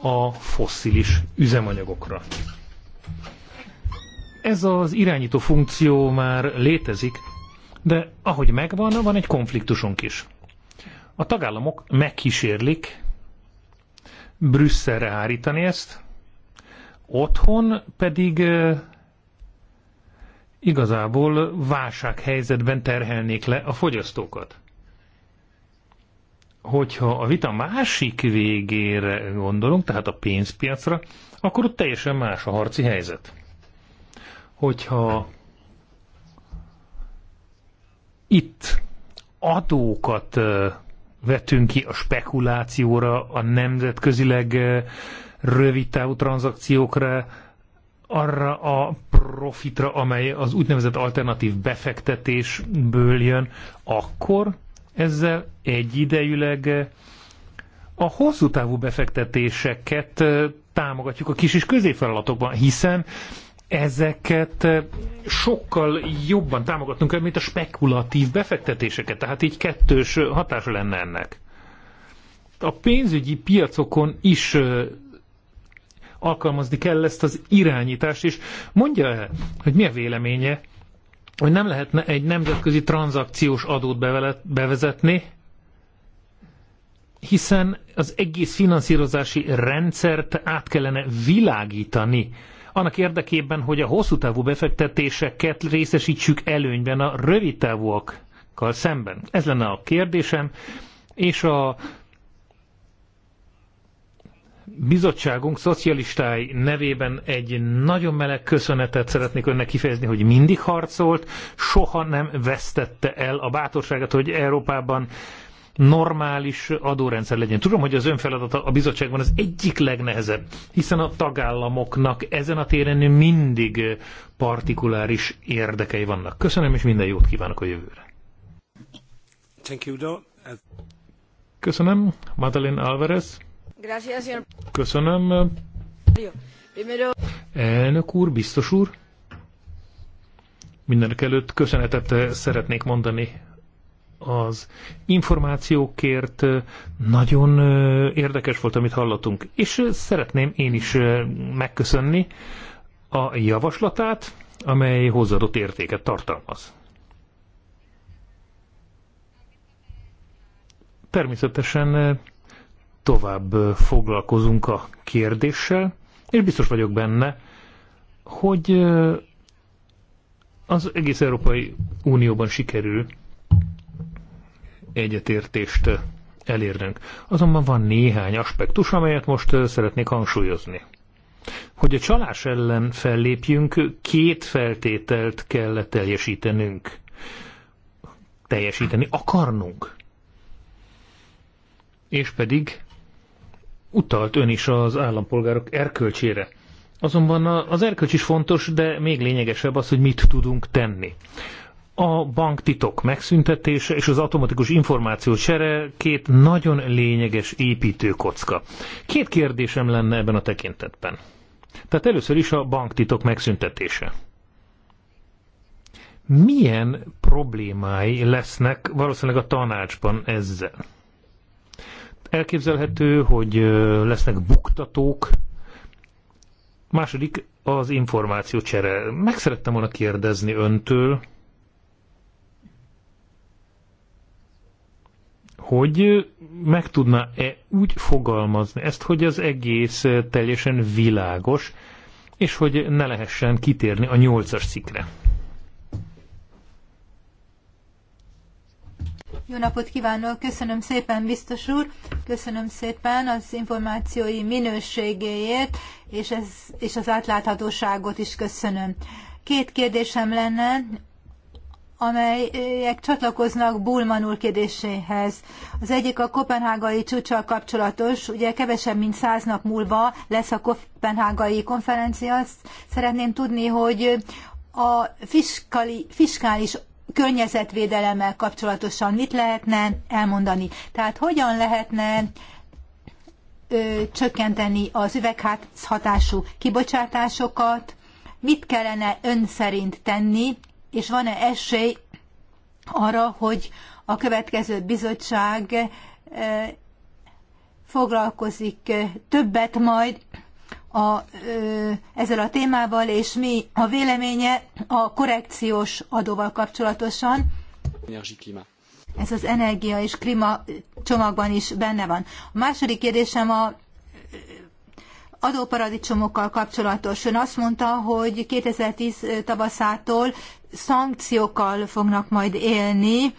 a fosszilis üzemanyagokra. Ez az irányító funkció már létezik, de ahogy megvan, van egy konfliktusunk is. A tagállamok megkísérlik Brüsszelre hárítani ezt, Otthon pedig igazából válsághelyzetben terhelnék le a fogyasztókat. Hogyha a vita másik végére gondolunk, tehát a pénzpiacra, akkor ott teljesen más a harci helyzet. Hogyha itt adókat vetünk ki a spekulációra, a nemzetközileg rövid távú tranzakciókra, arra a profitra, amely az úgynevezett alternatív befektetésből jön, akkor ezzel egyidejűleg a hosszú távú befektetéseket támogatjuk a kis és középvállalatokban, hiszen ezeket sokkal jobban támogatnunk kell, mint a spekulatív befektetéseket. Tehát így kettős hatása lenne ennek. A pénzügyi piacokon is alkalmazni kell ezt az irányítást, és mondja el, hogy mi a véleménye, hogy nem lehetne egy nemzetközi tranzakciós adót bevezetni, hiszen az egész finanszírozási rendszert át kellene világítani, annak érdekében, hogy a hosszú távú befektetéseket részesítsük előnyben a rövid távúakkal szemben. Ez lenne a kérdésem, és a bizottságunk szocialistái nevében egy nagyon meleg köszönetet szeretnék önnek kifejezni, hogy mindig harcolt, soha nem vesztette el a bátorságát, hogy Európában normális adórendszer legyen. Tudom, hogy az ön feladata a bizottságban az egyik legnehezebb, hiszen a tagállamoknak ezen a téren mindig partikuláris érdekei vannak. Köszönöm, és minden jót kívánok a jövőre. Thank you, Köszönöm, Madeleine Alvarez. Köszönöm. Elnök úr, biztos úr. Mindenek előtt köszönetet szeretnék mondani az információkért. Nagyon érdekes volt, amit hallottunk. És szeretném én is megköszönni a javaslatát, amely hozzáadott értéket tartalmaz. Természetesen tovább foglalkozunk a kérdéssel, és biztos vagyok benne, hogy az egész Európai Unióban sikerül egyetértést elérnünk. Azonban van néhány aspektus, amelyet most szeretnék hangsúlyozni. Hogy a csalás ellen fellépjünk, két feltételt kell teljesítenünk. Teljesíteni akarnunk. És pedig Utalt ön is az állampolgárok erkölcsére. Azonban az erkölcs is fontos, de még lényegesebb az, hogy mit tudunk tenni. A banktitok megszüntetése és az automatikus információ csere két nagyon lényeges építőkocka. Két kérdésem lenne ebben a tekintetben. Tehát először is a banktitok megszüntetése. Milyen problémái lesznek valószínűleg a tanácsban ezzel? Elképzelhető, hogy lesznek buktatók. Második az csere. Meg szerettem volna kérdezni öntől, hogy meg tudná-e úgy fogalmazni ezt, hogy az egész teljesen világos, és hogy ne lehessen kitérni a nyolcas cikre. Jó napot kívánok, köszönöm szépen, biztos úr, köszönöm szépen az információi minőségéért, és, ez, és az átláthatóságot is köszönöm. Két kérdésem lenne, amelyek csatlakoznak Bulmanul kérdéséhez. Az egyik a kopenhágai csúcsal kapcsolatos, ugye kevesebb, mint száz nap múlva lesz a kopenhágai konferencia. Azt szeretném tudni, hogy a fiskali, fiskális környezetvédelemmel kapcsolatosan mit lehetne elmondani. Tehát hogyan lehetne ö, csökkenteni az üvegházhatású kibocsátásokat, mit kellene ön szerint tenni, és van-e esély arra, hogy a következő bizottság foglalkozik többet majd a, ö, ezzel a témával, és mi a véleménye a korrekciós adóval kapcsolatosan. Ez az energia és klíma csomagban is benne van. A második kérdésem a adóparadicsomokkal kapcsolatos. Ön azt mondta, hogy 2010 tavaszától szankciókkal fognak majd élni,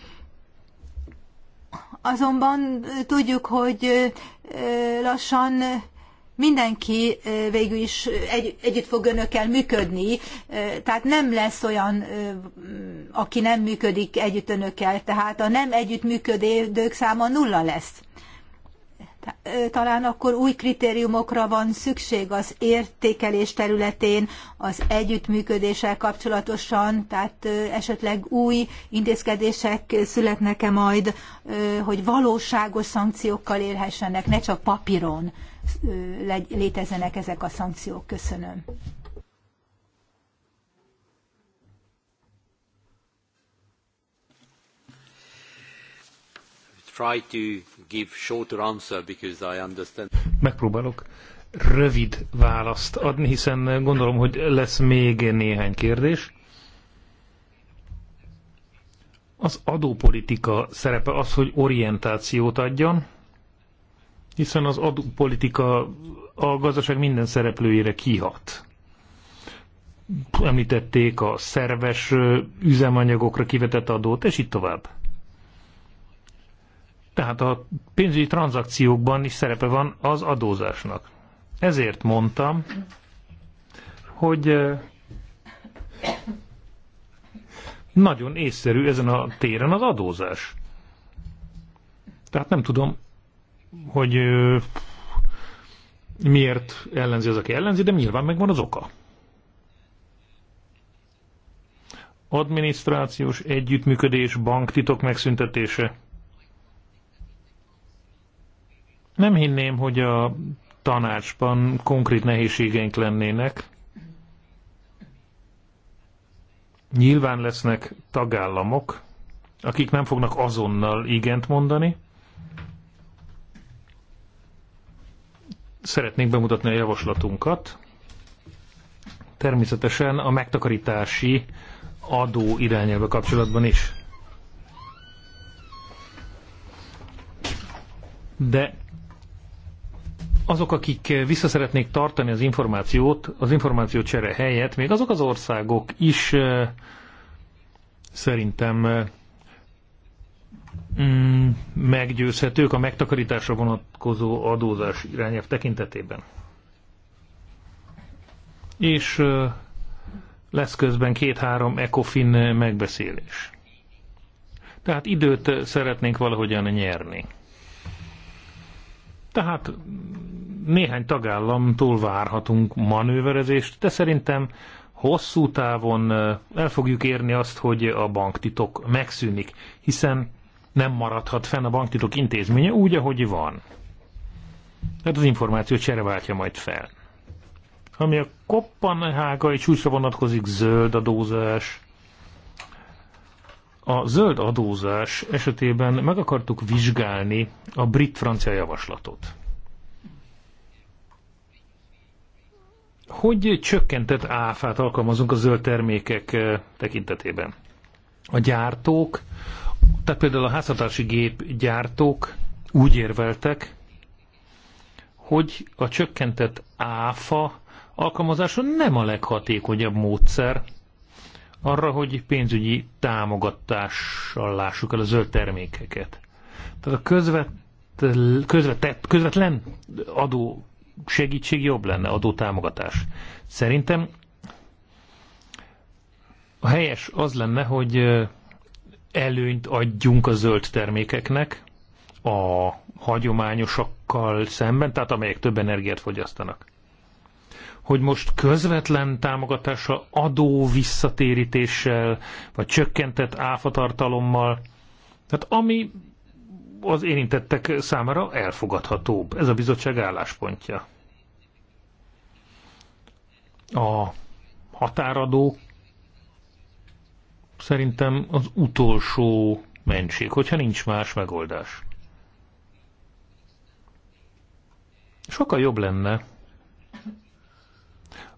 azonban tudjuk, hogy lassan mindenki végül is egy, együtt fog önökkel működni, tehát nem lesz olyan, aki nem működik együtt önökkel, tehát a nem működők száma nulla lesz. Talán akkor új kritériumokra van szükség az értékelés területén, az együttműködéssel kapcsolatosan, tehát esetleg új intézkedések születnek-e majd, hogy valóságos szankciókkal élhessenek, ne csak papíron létezenek ezek a szankciók. Köszönöm. Megpróbálok rövid választ adni, hiszen gondolom, hogy lesz még néhány kérdés. Az adópolitika szerepe az, hogy orientációt adjon, hiszen az adópolitika a gazdaság minden szereplőjére kihat. Említették a szerves üzemanyagokra kivetett adót, és így tovább. Tehát a pénzügyi tranzakciókban is szerepe van az adózásnak. Ezért mondtam, hogy nagyon észszerű ezen a téren az adózás. Tehát nem tudom, hogy miért ellenzi az, aki ellenzi, de nyilván megvan az oka. Adminisztrációs együttműködés, banktitok megszüntetése. Nem hinném, hogy a tanácsban konkrét nehézségeink lennének. Nyilván lesznek tagállamok, akik nem fognak azonnal igent mondani, szeretnénk bemutatni a javaslatunkat. Természetesen a megtakarítási adó irányelve kapcsolatban is. De azok, akik vissza szeretnék tartani az információt, az információ csere helyett, még azok az országok is eh, szerintem eh, mm, meggyőzhetők a megtakarításra vonatkozó adózás irányelv tekintetében. És lesz közben két-három ECOFIN megbeszélés. Tehát időt szeretnénk valahogyan nyerni. Tehát néhány tagállamtól várhatunk manőverezést, de szerintem hosszú távon el fogjuk érni azt, hogy a banktitok megszűnik, hiszen nem maradhat fenn a banktitok intézménye úgy, ahogy van. Tehát az információ csere váltja majd fel. Ami a koppanhágai csúcsra vonatkozik, zöld adózás. A zöld adózás esetében meg akartuk vizsgálni a brit-francia javaslatot. Hogy csökkentett áfát alkalmazunk a zöld termékek eh, tekintetében? A gyártók tehát például a háztartási gépgyártók úgy érveltek, hogy a csökkentett áfa alkalmazása nem a leghatékonyabb módszer arra, hogy pénzügyi támogatással lássuk el a zöld termékeket. Tehát a közvet, közvetett, közvetlen adó segítség jobb lenne, adó támogatás. Szerintem a helyes az lenne, hogy előnyt adjunk a zöld termékeknek a hagyományosakkal szemben, tehát amelyek több energiát fogyasztanak. Hogy most közvetlen támogatással, adó visszatérítéssel, vagy csökkentett áfatartalommal, tehát ami az érintettek számára elfogadhatóbb. Ez a bizottság álláspontja. A határadók szerintem az utolsó mentség, hogyha nincs más megoldás. Sokkal jobb lenne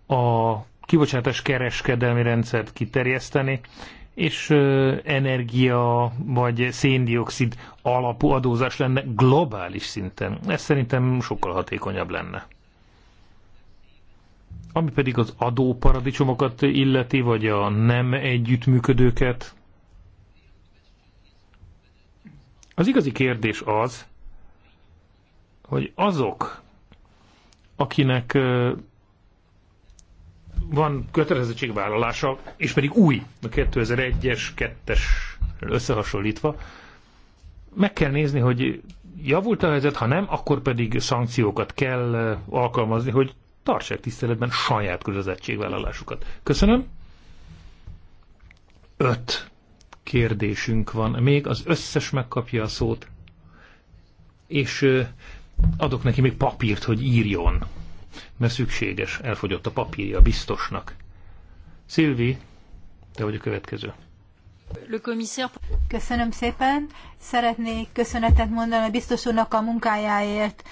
a kibocsátás kereskedelmi rendszert kiterjeszteni, és energia vagy széndiokszid alapú adózás lenne globális szinten. Ez szerintem sokkal hatékonyabb lenne. Ami pedig az adóparadicsomokat illeti, vagy a nem együttműködőket, az igazi kérdés az, hogy azok, akinek van kötelezettségvállalása, és pedig új, a 2001-es, 2-es összehasonlítva, meg kell nézni, hogy javult a helyzet, ha nem, akkor pedig szankciókat kell alkalmazni, hogy tartsák tiszteletben saját kötelezettségvállalásukat. Köszönöm. Öt kérdésünk van. Még az összes megkapja a szót, és adok neki még papírt, hogy írjon, mert szükséges, elfogyott a papírja biztosnak. Szilvi, te vagy a következő. Köszönöm szépen. Szeretnék köszönetet mondani a biztos úrnak a munkájáért.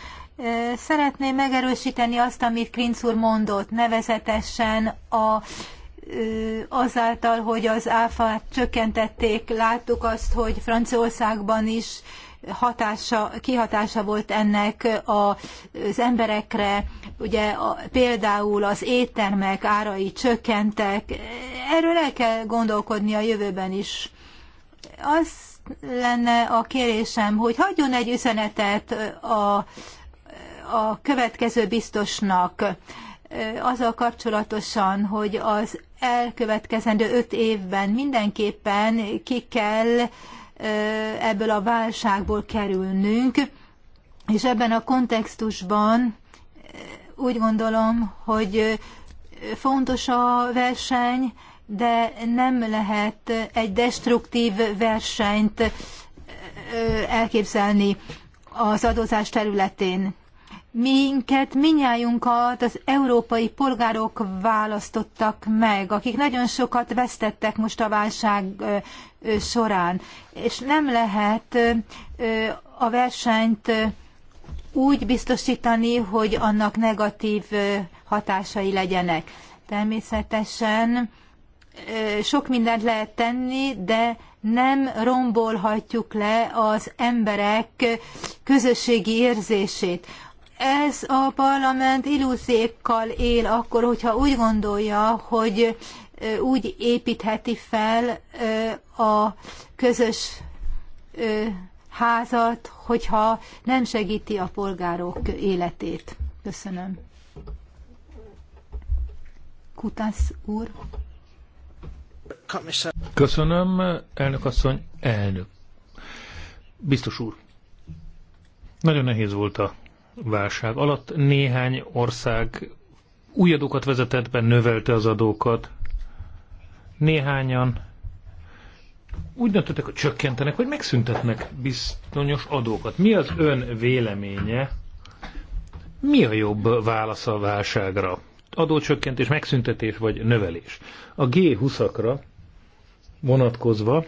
Szeretném megerősíteni azt, amit Klinc úr mondott, nevezetesen a azáltal, hogy az áfát csökkentették, láttuk azt, hogy Franciaországban is hatása, kihatása volt ennek az emberekre, ugye a, például az éttermek árai csökkentek, erről el kell gondolkodni a jövőben is. Az lenne a kérésem, hogy hagyjon egy üzenetet a a következő biztosnak azzal kapcsolatosan, hogy az elkövetkezendő öt évben mindenképpen ki kell ebből a válságból kerülnünk, és ebben a kontextusban úgy gondolom, hogy fontos a verseny, de nem lehet egy destruktív versenyt elképzelni az adózás területén minket, minnyájunkat az európai polgárok választottak meg, akik nagyon sokat vesztettek most a válság során. És nem lehet a versenyt úgy biztosítani, hogy annak negatív hatásai legyenek. Természetesen sok mindent lehet tenni, de nem rombolhatjuk le az emberek közösségi érzését ez a parlament illúziékkal él akkor, hogyha úgy gondolja, hogy úgy építheti fel a közös házat, hogyha nem segíti a polgárok életét. Köszönöm. Kutász úr. Köszönöm, elnök asszony, elnök. Biztos úr. Nagyon nehéz volt a válság alatt néhány ország új adókat vezetett be, növelte az adókat. Néhányan úgy döntöttek, hogy csökkentenek, vagy megszüntetnek bizonyos adókat. Mi az ön véleménye? Mi a jobb válasz a válságra? Adócsökkentés, megszüntetés vagy növelés? A G20-akra vonatkozva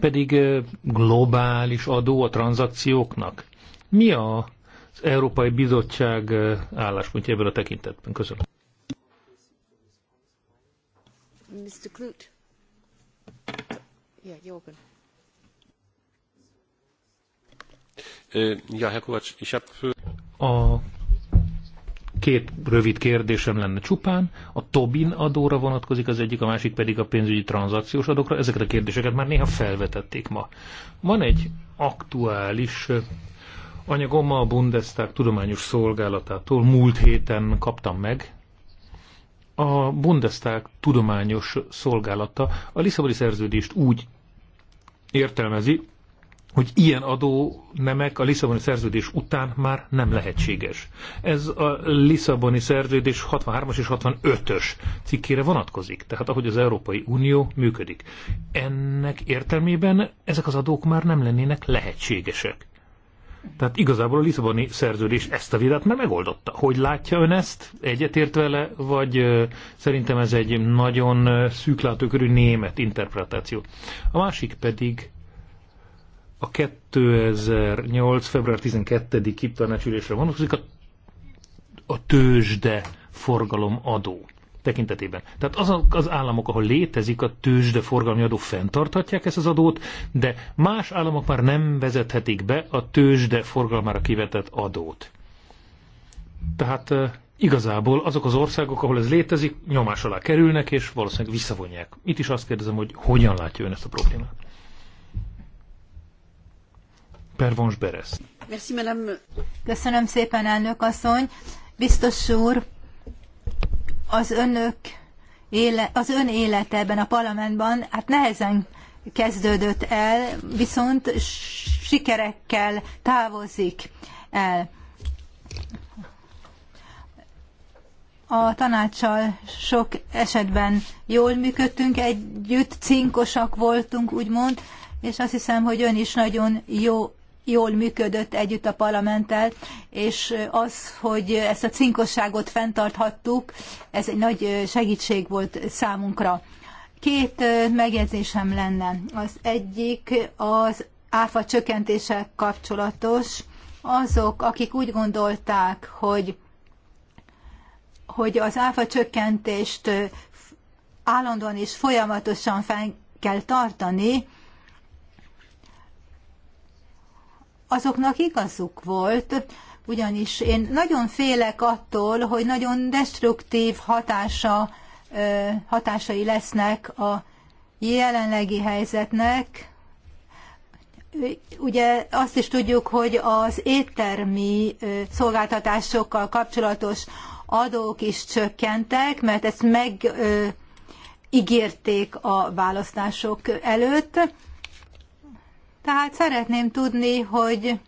pedig globális adó a tranzakcióknak. Mi a az Európai Bizottság eh, álláspontja ebben a tekintetben. Köszönöm. Mr. Klut. Yeah, Jorgen. Eh, ja, Herr Kovács, ich hab... A két rövid kérdésem lenne csupán. A Tobin adóra vonatkozik az egyik, a másik pedig a pénzügyi tranzakciós adókra. Ezeket a kérdéseket már néha felvetették ma. Van egy aktuális anyagom a Bundestag tudományos szolgálatától múlt héten kaptam meg. A Bundestag tudományos szolgálata a Lisszaboni szerződést úgy értelmezi, hogy ilyen adó nemek a Lisszaboni szerződés után már nem lehetséges. Ez a Lisszaboni szerződés 63-as és 65-ös cikkére vonatkozik, tehát ahogy az Európai Unió működik. Ennek értelmében ezek az adók már nem lennének lehetségesek. Tehát igazából a Lisszaboni szerződés ezt a vitát már megoldotta. Hogy látja ön ezt? Egyetért vele, vagy szerintem ez egy nagyon szűklátókörű német interpretáció? A másik pedig a 2008. február 12-i tanácsülésre vonatkozik a, a tőzsde forgalom adó tekintetében. Tehát azok az államok, ahol létezik a forgalmi adó, fenntarthatják ezt az adót, de más államok már nem vezethetik be a tőzsde forgalmára kivetett adót. Tehát igazából azok az országok, ahol ez létezik, nyomás alá kerülnek, és valószínűleg visszavonják. Itt is azt kérdezem, hogy hogyan látja ön ezt a problémát? Pervons Beres. Köszönöm szépen, elnök asszony. Biztos úr, az önök éle, az ön élete ebben a parlamentben hát nehezen kezdődött el, viszont sikerekkel távozik el. A tanácssal sok esetben jól működtünk együtt, cinkosak voltunk, úgymond, és azt hiszem, hogy ön is nagyon jó jól működött együtt a parlamenttel, és az, hogy ezt a cinkosságot fenntarthattuk, ez egy nagy segítség volt számunkra. Két megjegyzésem lenne. Az egyik az áfa csökkentése kapcsolatos. Azok, akik úgy gondolták, hogy hogy az áfa csökkentést állandóan és folyamatosan fenn kell tartani, azoknak igazuk volt, ugyanis én nagyon félek attól, hogy nagyon destruktív hatása, hatásai lesznek a jelenlegi helyzetnek. Ugye azt is tudjuk, hogy az éttermi szolgáltatásokkal kapcsolatos adók is csökkentek, mert ezt megígérték a választások előtt tehát szeretném tudni, hogy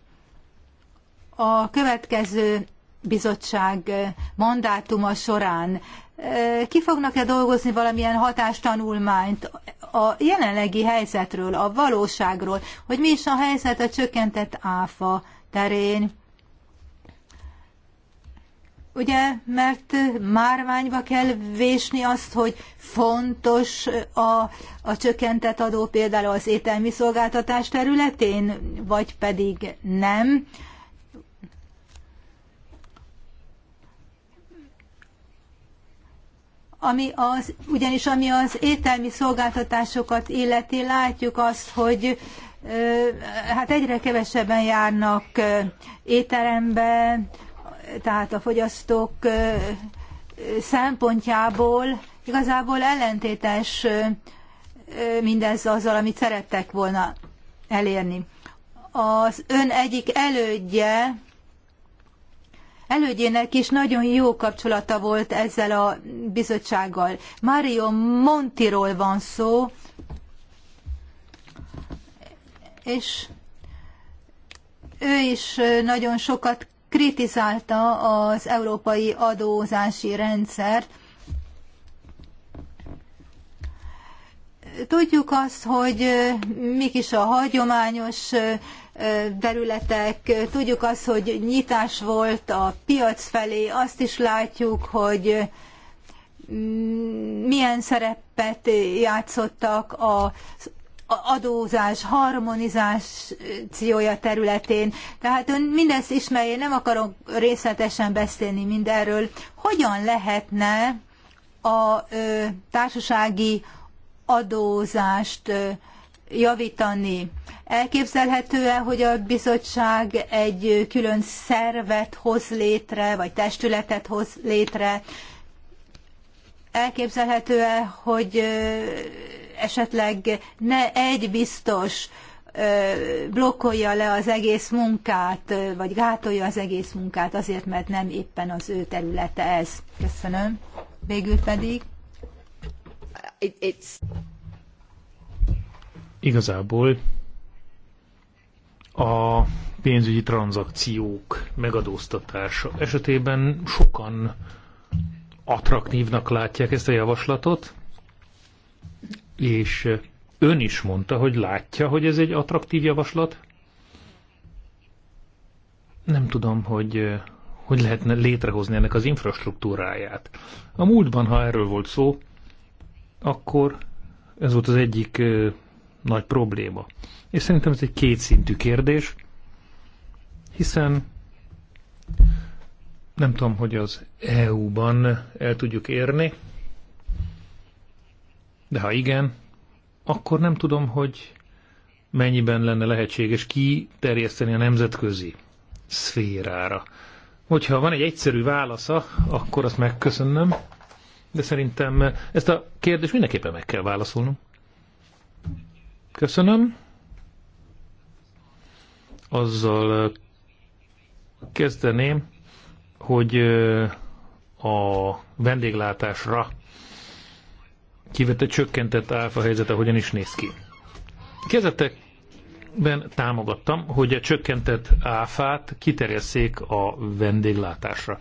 a következő bizottság mandátuma során e, ki fognak-e dolgozni valamilyen hatástanulmányt a jelenlegi helyzetről, a valóságról, hogy mi is a helyzet a csökkentett áfa terén, ugye, mert márványba kell vésni azt, hogy fontos a, a csökkentett adó például az ételmi szolgáltatás területén, vagy pedig nem. Ami az, ugyanis ami az ételmi szolgáltatásokat illeti, látjuk azt, hogy hát egyre kevesebben járnak étterembe, tehát a fogyasztók szempontjából igazából ellentétes mindez azzal, amit szerettek volna elérni. Az ön egyik elődje, elődjének is nagyon jó kapcsolata volt ezzel a bizottsággal. Mario Montiról van szó, és ő is nagyon sokat kritizálta az európai adózási rendszert. Tudjuk azt, hogy mik is a hagyományos területek, tudjuk azt, hogy nyitás volt a piac felé, azt is látjuk, hogy mm, milyen szerepet játszottak az adózás harmonizációja területén. Tehát ön mindezt ismeri, nem akarok részletesen beszélni mindenről. Hogyan lehetne a ö, társasági adózást ö, javítani. Elképzelhető-e, hogy a bizottság egy külön szervet hoz létre, vagy testületet hoz létre? Elképzelhető-e, hogy esetleg ne egy biztos blokkolja le az egész munkát, vagy gátolja az egész munkát azért, mert nem éppen az ő területe ez. Köszönöm. Végül pedig. It's... Igazából a pénzügyi tranzakciók megadóztatása esetében sokan attraktívnak látják ezt a javaslatot, és ön is mondta, hogy látja, hogy ez egy attraktív javaslat. Nem tudom, hogy hogy lehetne létrehozni ennek az infrastruktúráját. A múltban, ha erről volt szó, akkor ez volt az egyik nagy probléma. És szerintem ez egy kétszintű kérdés, hiszen nem tudom, hogy az EU-ban el tudjuk érni de ha igen, akkor nem tudom, hogy mennyiben lenne lehetséges kiterjeszteni a nemzetközi szférára. Hogyha van egy egyszerű válasza, akkor azt megköszönöm, de szerintem ezt a kérdést mindenképpen meg kell válaszolnom. Köszönöm. Azzal kezdeném, hogy a vendéglátásra kivette csökkentett áfa helyzete hogyan is néz ki. Kezdetekben támogattam, hogy a csökkentett áfát kiterjesszék a vendéglátásra.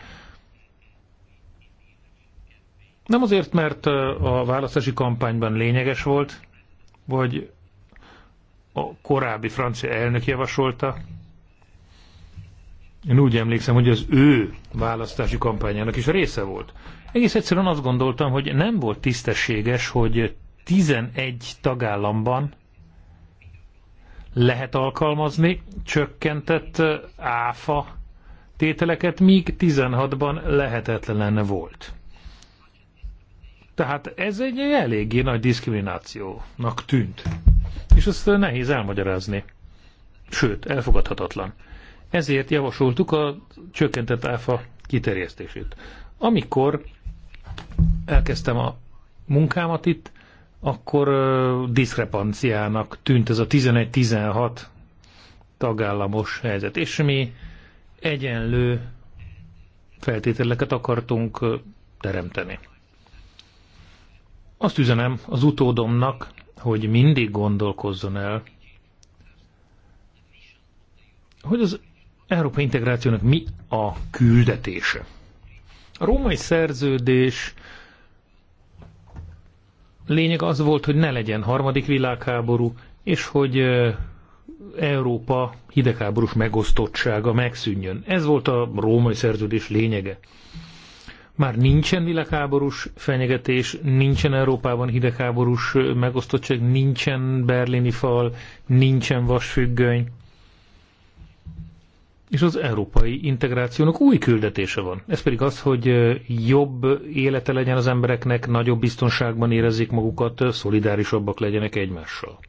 Nem azért, mert a választási kampányban lényeges volt, vagy a korábbi francia elnök javasolta. Én úgy emlékszem, hogy az ő választási kampányának is része volt. Egész egyszerűen azt gondoltam, hogy nem volt tisztességes, hogy 11 tagállamban lehet alkalmazni csökkentett áfa tételeket, míg 16-ban lehetetlen volt. Tehát ez egy eléggé nagy diszkriminációnak tűnt. És ezt nehéz elmagyarázni. Sőt, elfogadhatatlan. Ezért javasoltuk a csökkentett áfa kiterjesztését. Amikor elkezdtem a munkámat itt, akkor diszkrepanciának tűnt ez a 11-16 tagállamos helyzet, és mi egyenlő feltételeket akartunk teremteni. Azt üzenem az utódomnak, hogy mindig gondolkozzon el, hogy az európai integrációnak mi a küldetése. A római szerződés lényeg az volt, hogy ne legyen harmadik világháború, és hogy Európa hidegháborús megosztottsága megszűnjön. Ez volt a római szerződés lényege. Már nincsen világháborús fenyegetés, nincsen Európában hidegháborús megosztottság, nincsen berlini fal, nincsen vasfüggöny és az európai integrációnak új küldetése van. Ez pedig az, hogy jobb élete legyen az embereknek, nagyobb biztonságban érezzék magukat, szolidárisabbak legyenek egymással.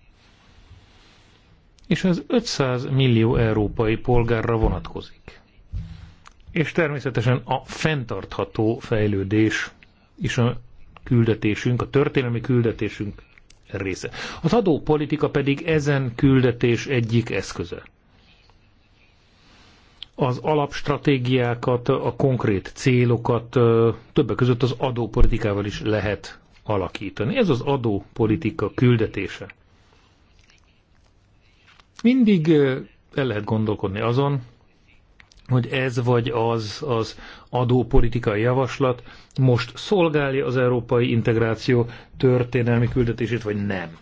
És ez 500 millió európai polgárra vonatkozik. És természetesen a fenntartható fejlődés is a küldetésünk, a történelmi küldetésünk része. Az adópolitika pedig ezen küldetés egyik eszköze az alapstratégiákat, a konkrét célokat többek között az adópolitikával is lehet alakítani. Ez az adópolitika küldetése. Mindig el lehet gondolkodni azon, hogy ez vagy az az adópolitikai javaslat most szolgálja az európai integráció történelmi küldetését, vagy nem.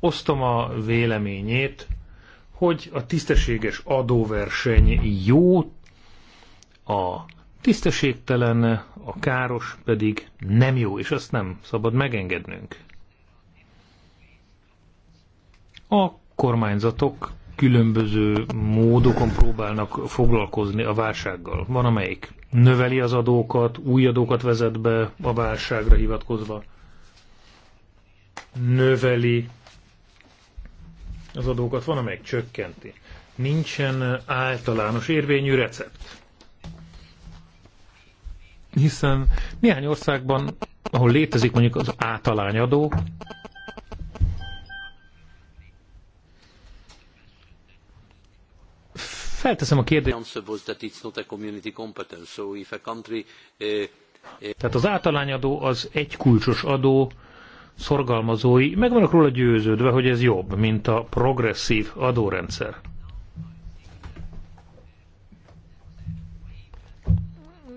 Osztom a véleményét hogy a tisztességes adóverseny jó, a tisztességtelen, a káros pedig nem jó, és azt nem szabad megengednünk. A kormányzatok különböző módokon próbálnak foglalkozni a válsággal. Van amelyik növeli az adókat, új adókat vezet be a válságra hivatkozva, növeli az adókat, van, amelyik csökkenti. Nincsen általános érvényű recept. Hiszen néhány országban, ahol létezik mondjuk az általányadó, felteszem a kérdést. Eh, eh, Tehát az általányadó az egy kulcsos adó, szorgalmazói meg vannak róla győződve, hogy ez jobb, mint a progresszív adórendszer.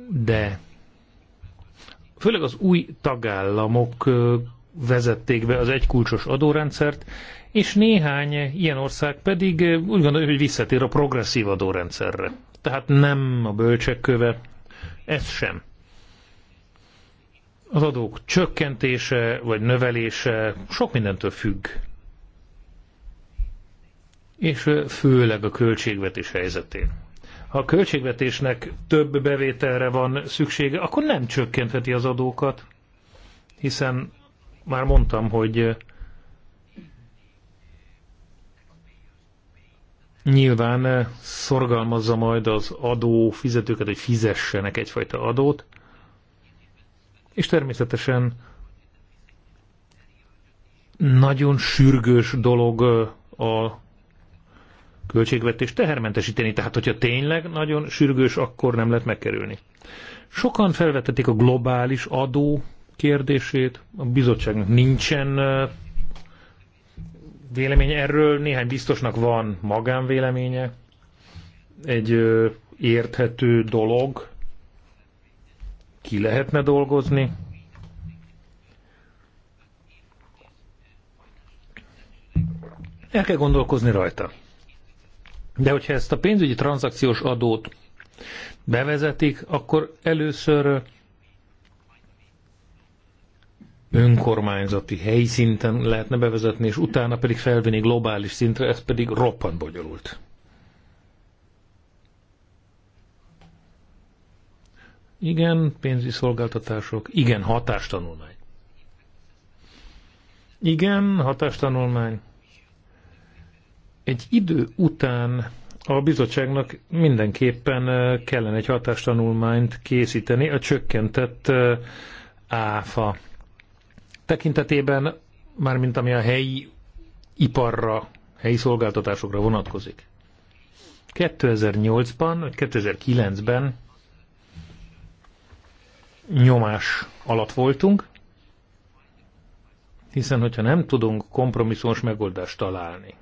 De főleg az új tagállamok vezették be az egykulcsos adórendszert, és néhány ilyen ország pedig úgy gondolja, hogy visszatér a progresszív adórendszerre. Tehát nem a bölcsekköve, ez sem az adók csökkentése vagy növelése sok mindentől függ. És főleg a költségvetés helyzetén. Ha a költségvetésnek több bevételre van szüksége, akkor nem csökkentheti az adókat, hiszen már mondtam, hogy nyilván szorgalmazza majd az adó fizetőket, hogy fizessenek egyfajta adót, és természetesen nagyon sürgős dolog a költségvetés tehermentesíteni, tehát hogyha tényleg nagyon sürgős, akkor nem lehet megkerülni. Sokan felvetették a globális adó kérdését, a bizottságnak nincsen vélemény erről, néhány biztosnak van magánvéleménye, egy érthető dolog, ki lehetne dolgozni. El kell gondolkozni rajta. De hogyha ezt a pénzügyi tranzakciós adót bevezetik, akkor először önkormányzati helyi szinten lehetne bevezetni, és utána pedig felvinni globális szintre, ez pedig roppant bonyolult. Igen, pénzügyi szolgáltatások. Igen, hatástanulmány. Igen, hatástanulmány. Egy idő után a bizottságnak mindenképpen kellene egy hatástanulmányt készíteni a csökkentett áfa tekintetében, mármint ami a helyi iparra, helyi szolgáltatásokra vonatkozik. 2008-ban, vagy 2009-ben nyomás alatt voltunk, hiszen hogyha nem tudunk kompromisszós megoldást találni,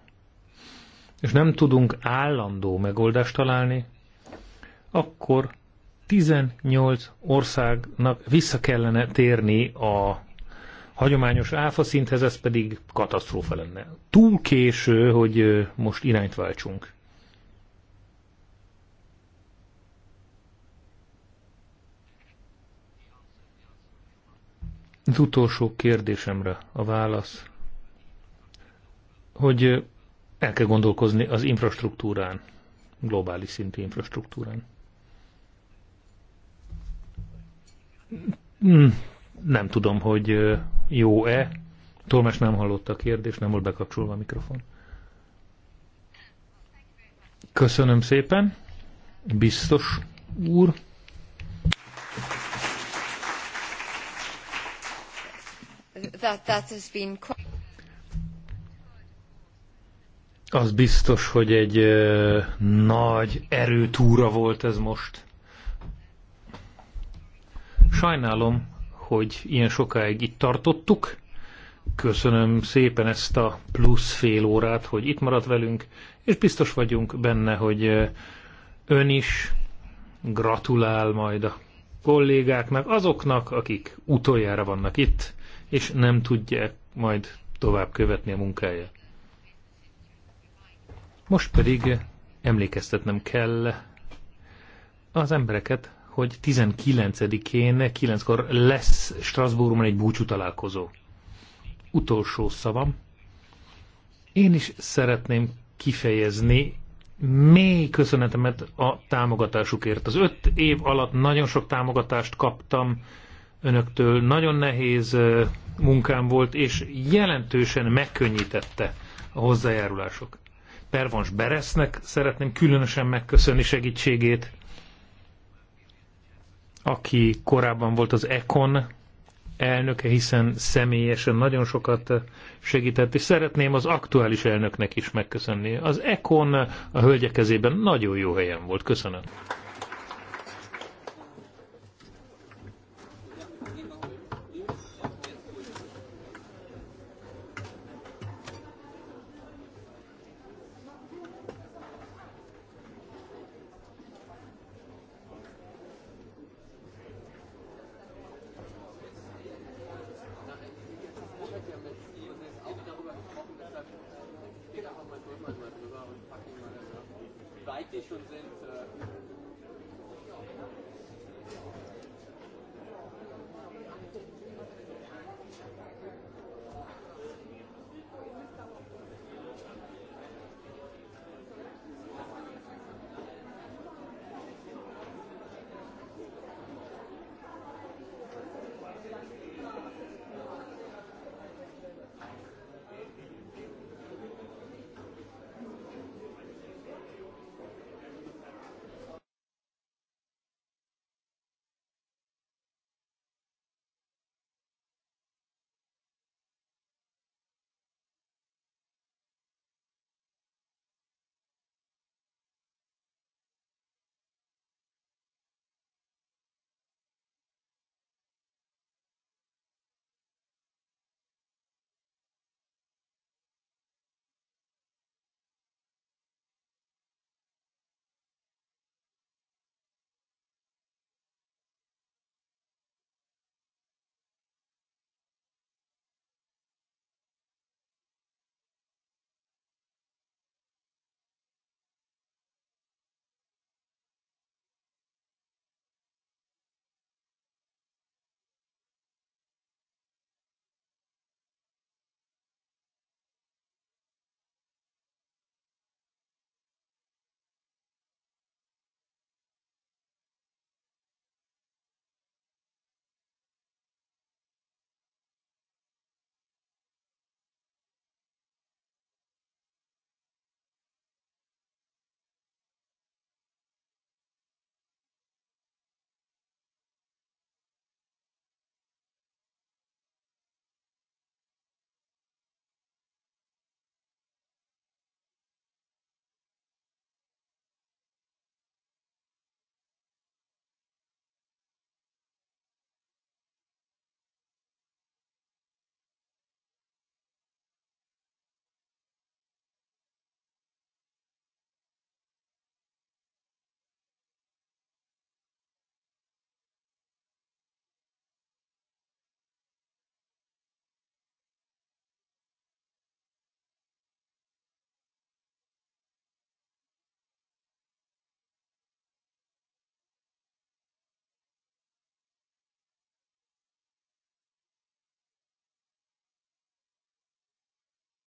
és nem tudunk állandó megoldást találni, akkor 18 országnak vissza kellene térni a hagyományos áfa szinthez, ez pedig katasztrófa lenne. Túl késő, hogy most irányt váltsunk. Az utolsó kérdésemre a válasz, hogy el kell gondolkozni az infrastruktúrán, globális szintű infrastruktúrán. Hm, nem tudom, hogy jó-e. Tolmás nem hallotta a kérdést, nem volt bekapcsolva a mikrofon. Köszönöm szépen, biztos úr. az biztos, hogy egy uh, nagy erőtúra volt ez most. Sajnálom, hogy ilyen sokáig itt tartottuk. Köszönöm szépen ezt a plusz fél órát, hogy itt maradt velünk, és biztos vagyunk benne, hogy ön is gratulál majd a kollégáknak, azoknak, akik utoljára vannak itt és nem tudja majd tovább követni a munkáját. Most pedig emlékeztetnem kell az embereket, hogy 19-én, 9-kor lesz Strasbourgban egy búcsú találkozó. Utolsó szavam. Én is szeretném kifejezni mély köszönetemet a támogatásukért. Az öt év alatt nagyon sok támogatást kaptam, önöktől. Nagyon nehéz munkám volt, és jelentősen megkönnyítette a hozzájárulások. Pervans Beresznek szeretném különösen megköszönni segítségét, aki korábban volt az Econ elnöke, hiszen személyesen nagyon sokat segített, és szeretném az aktuális elnöknek is megköszönni. Az Econ a hölgyekezében nagyon jó helyen volt. Köszönöm.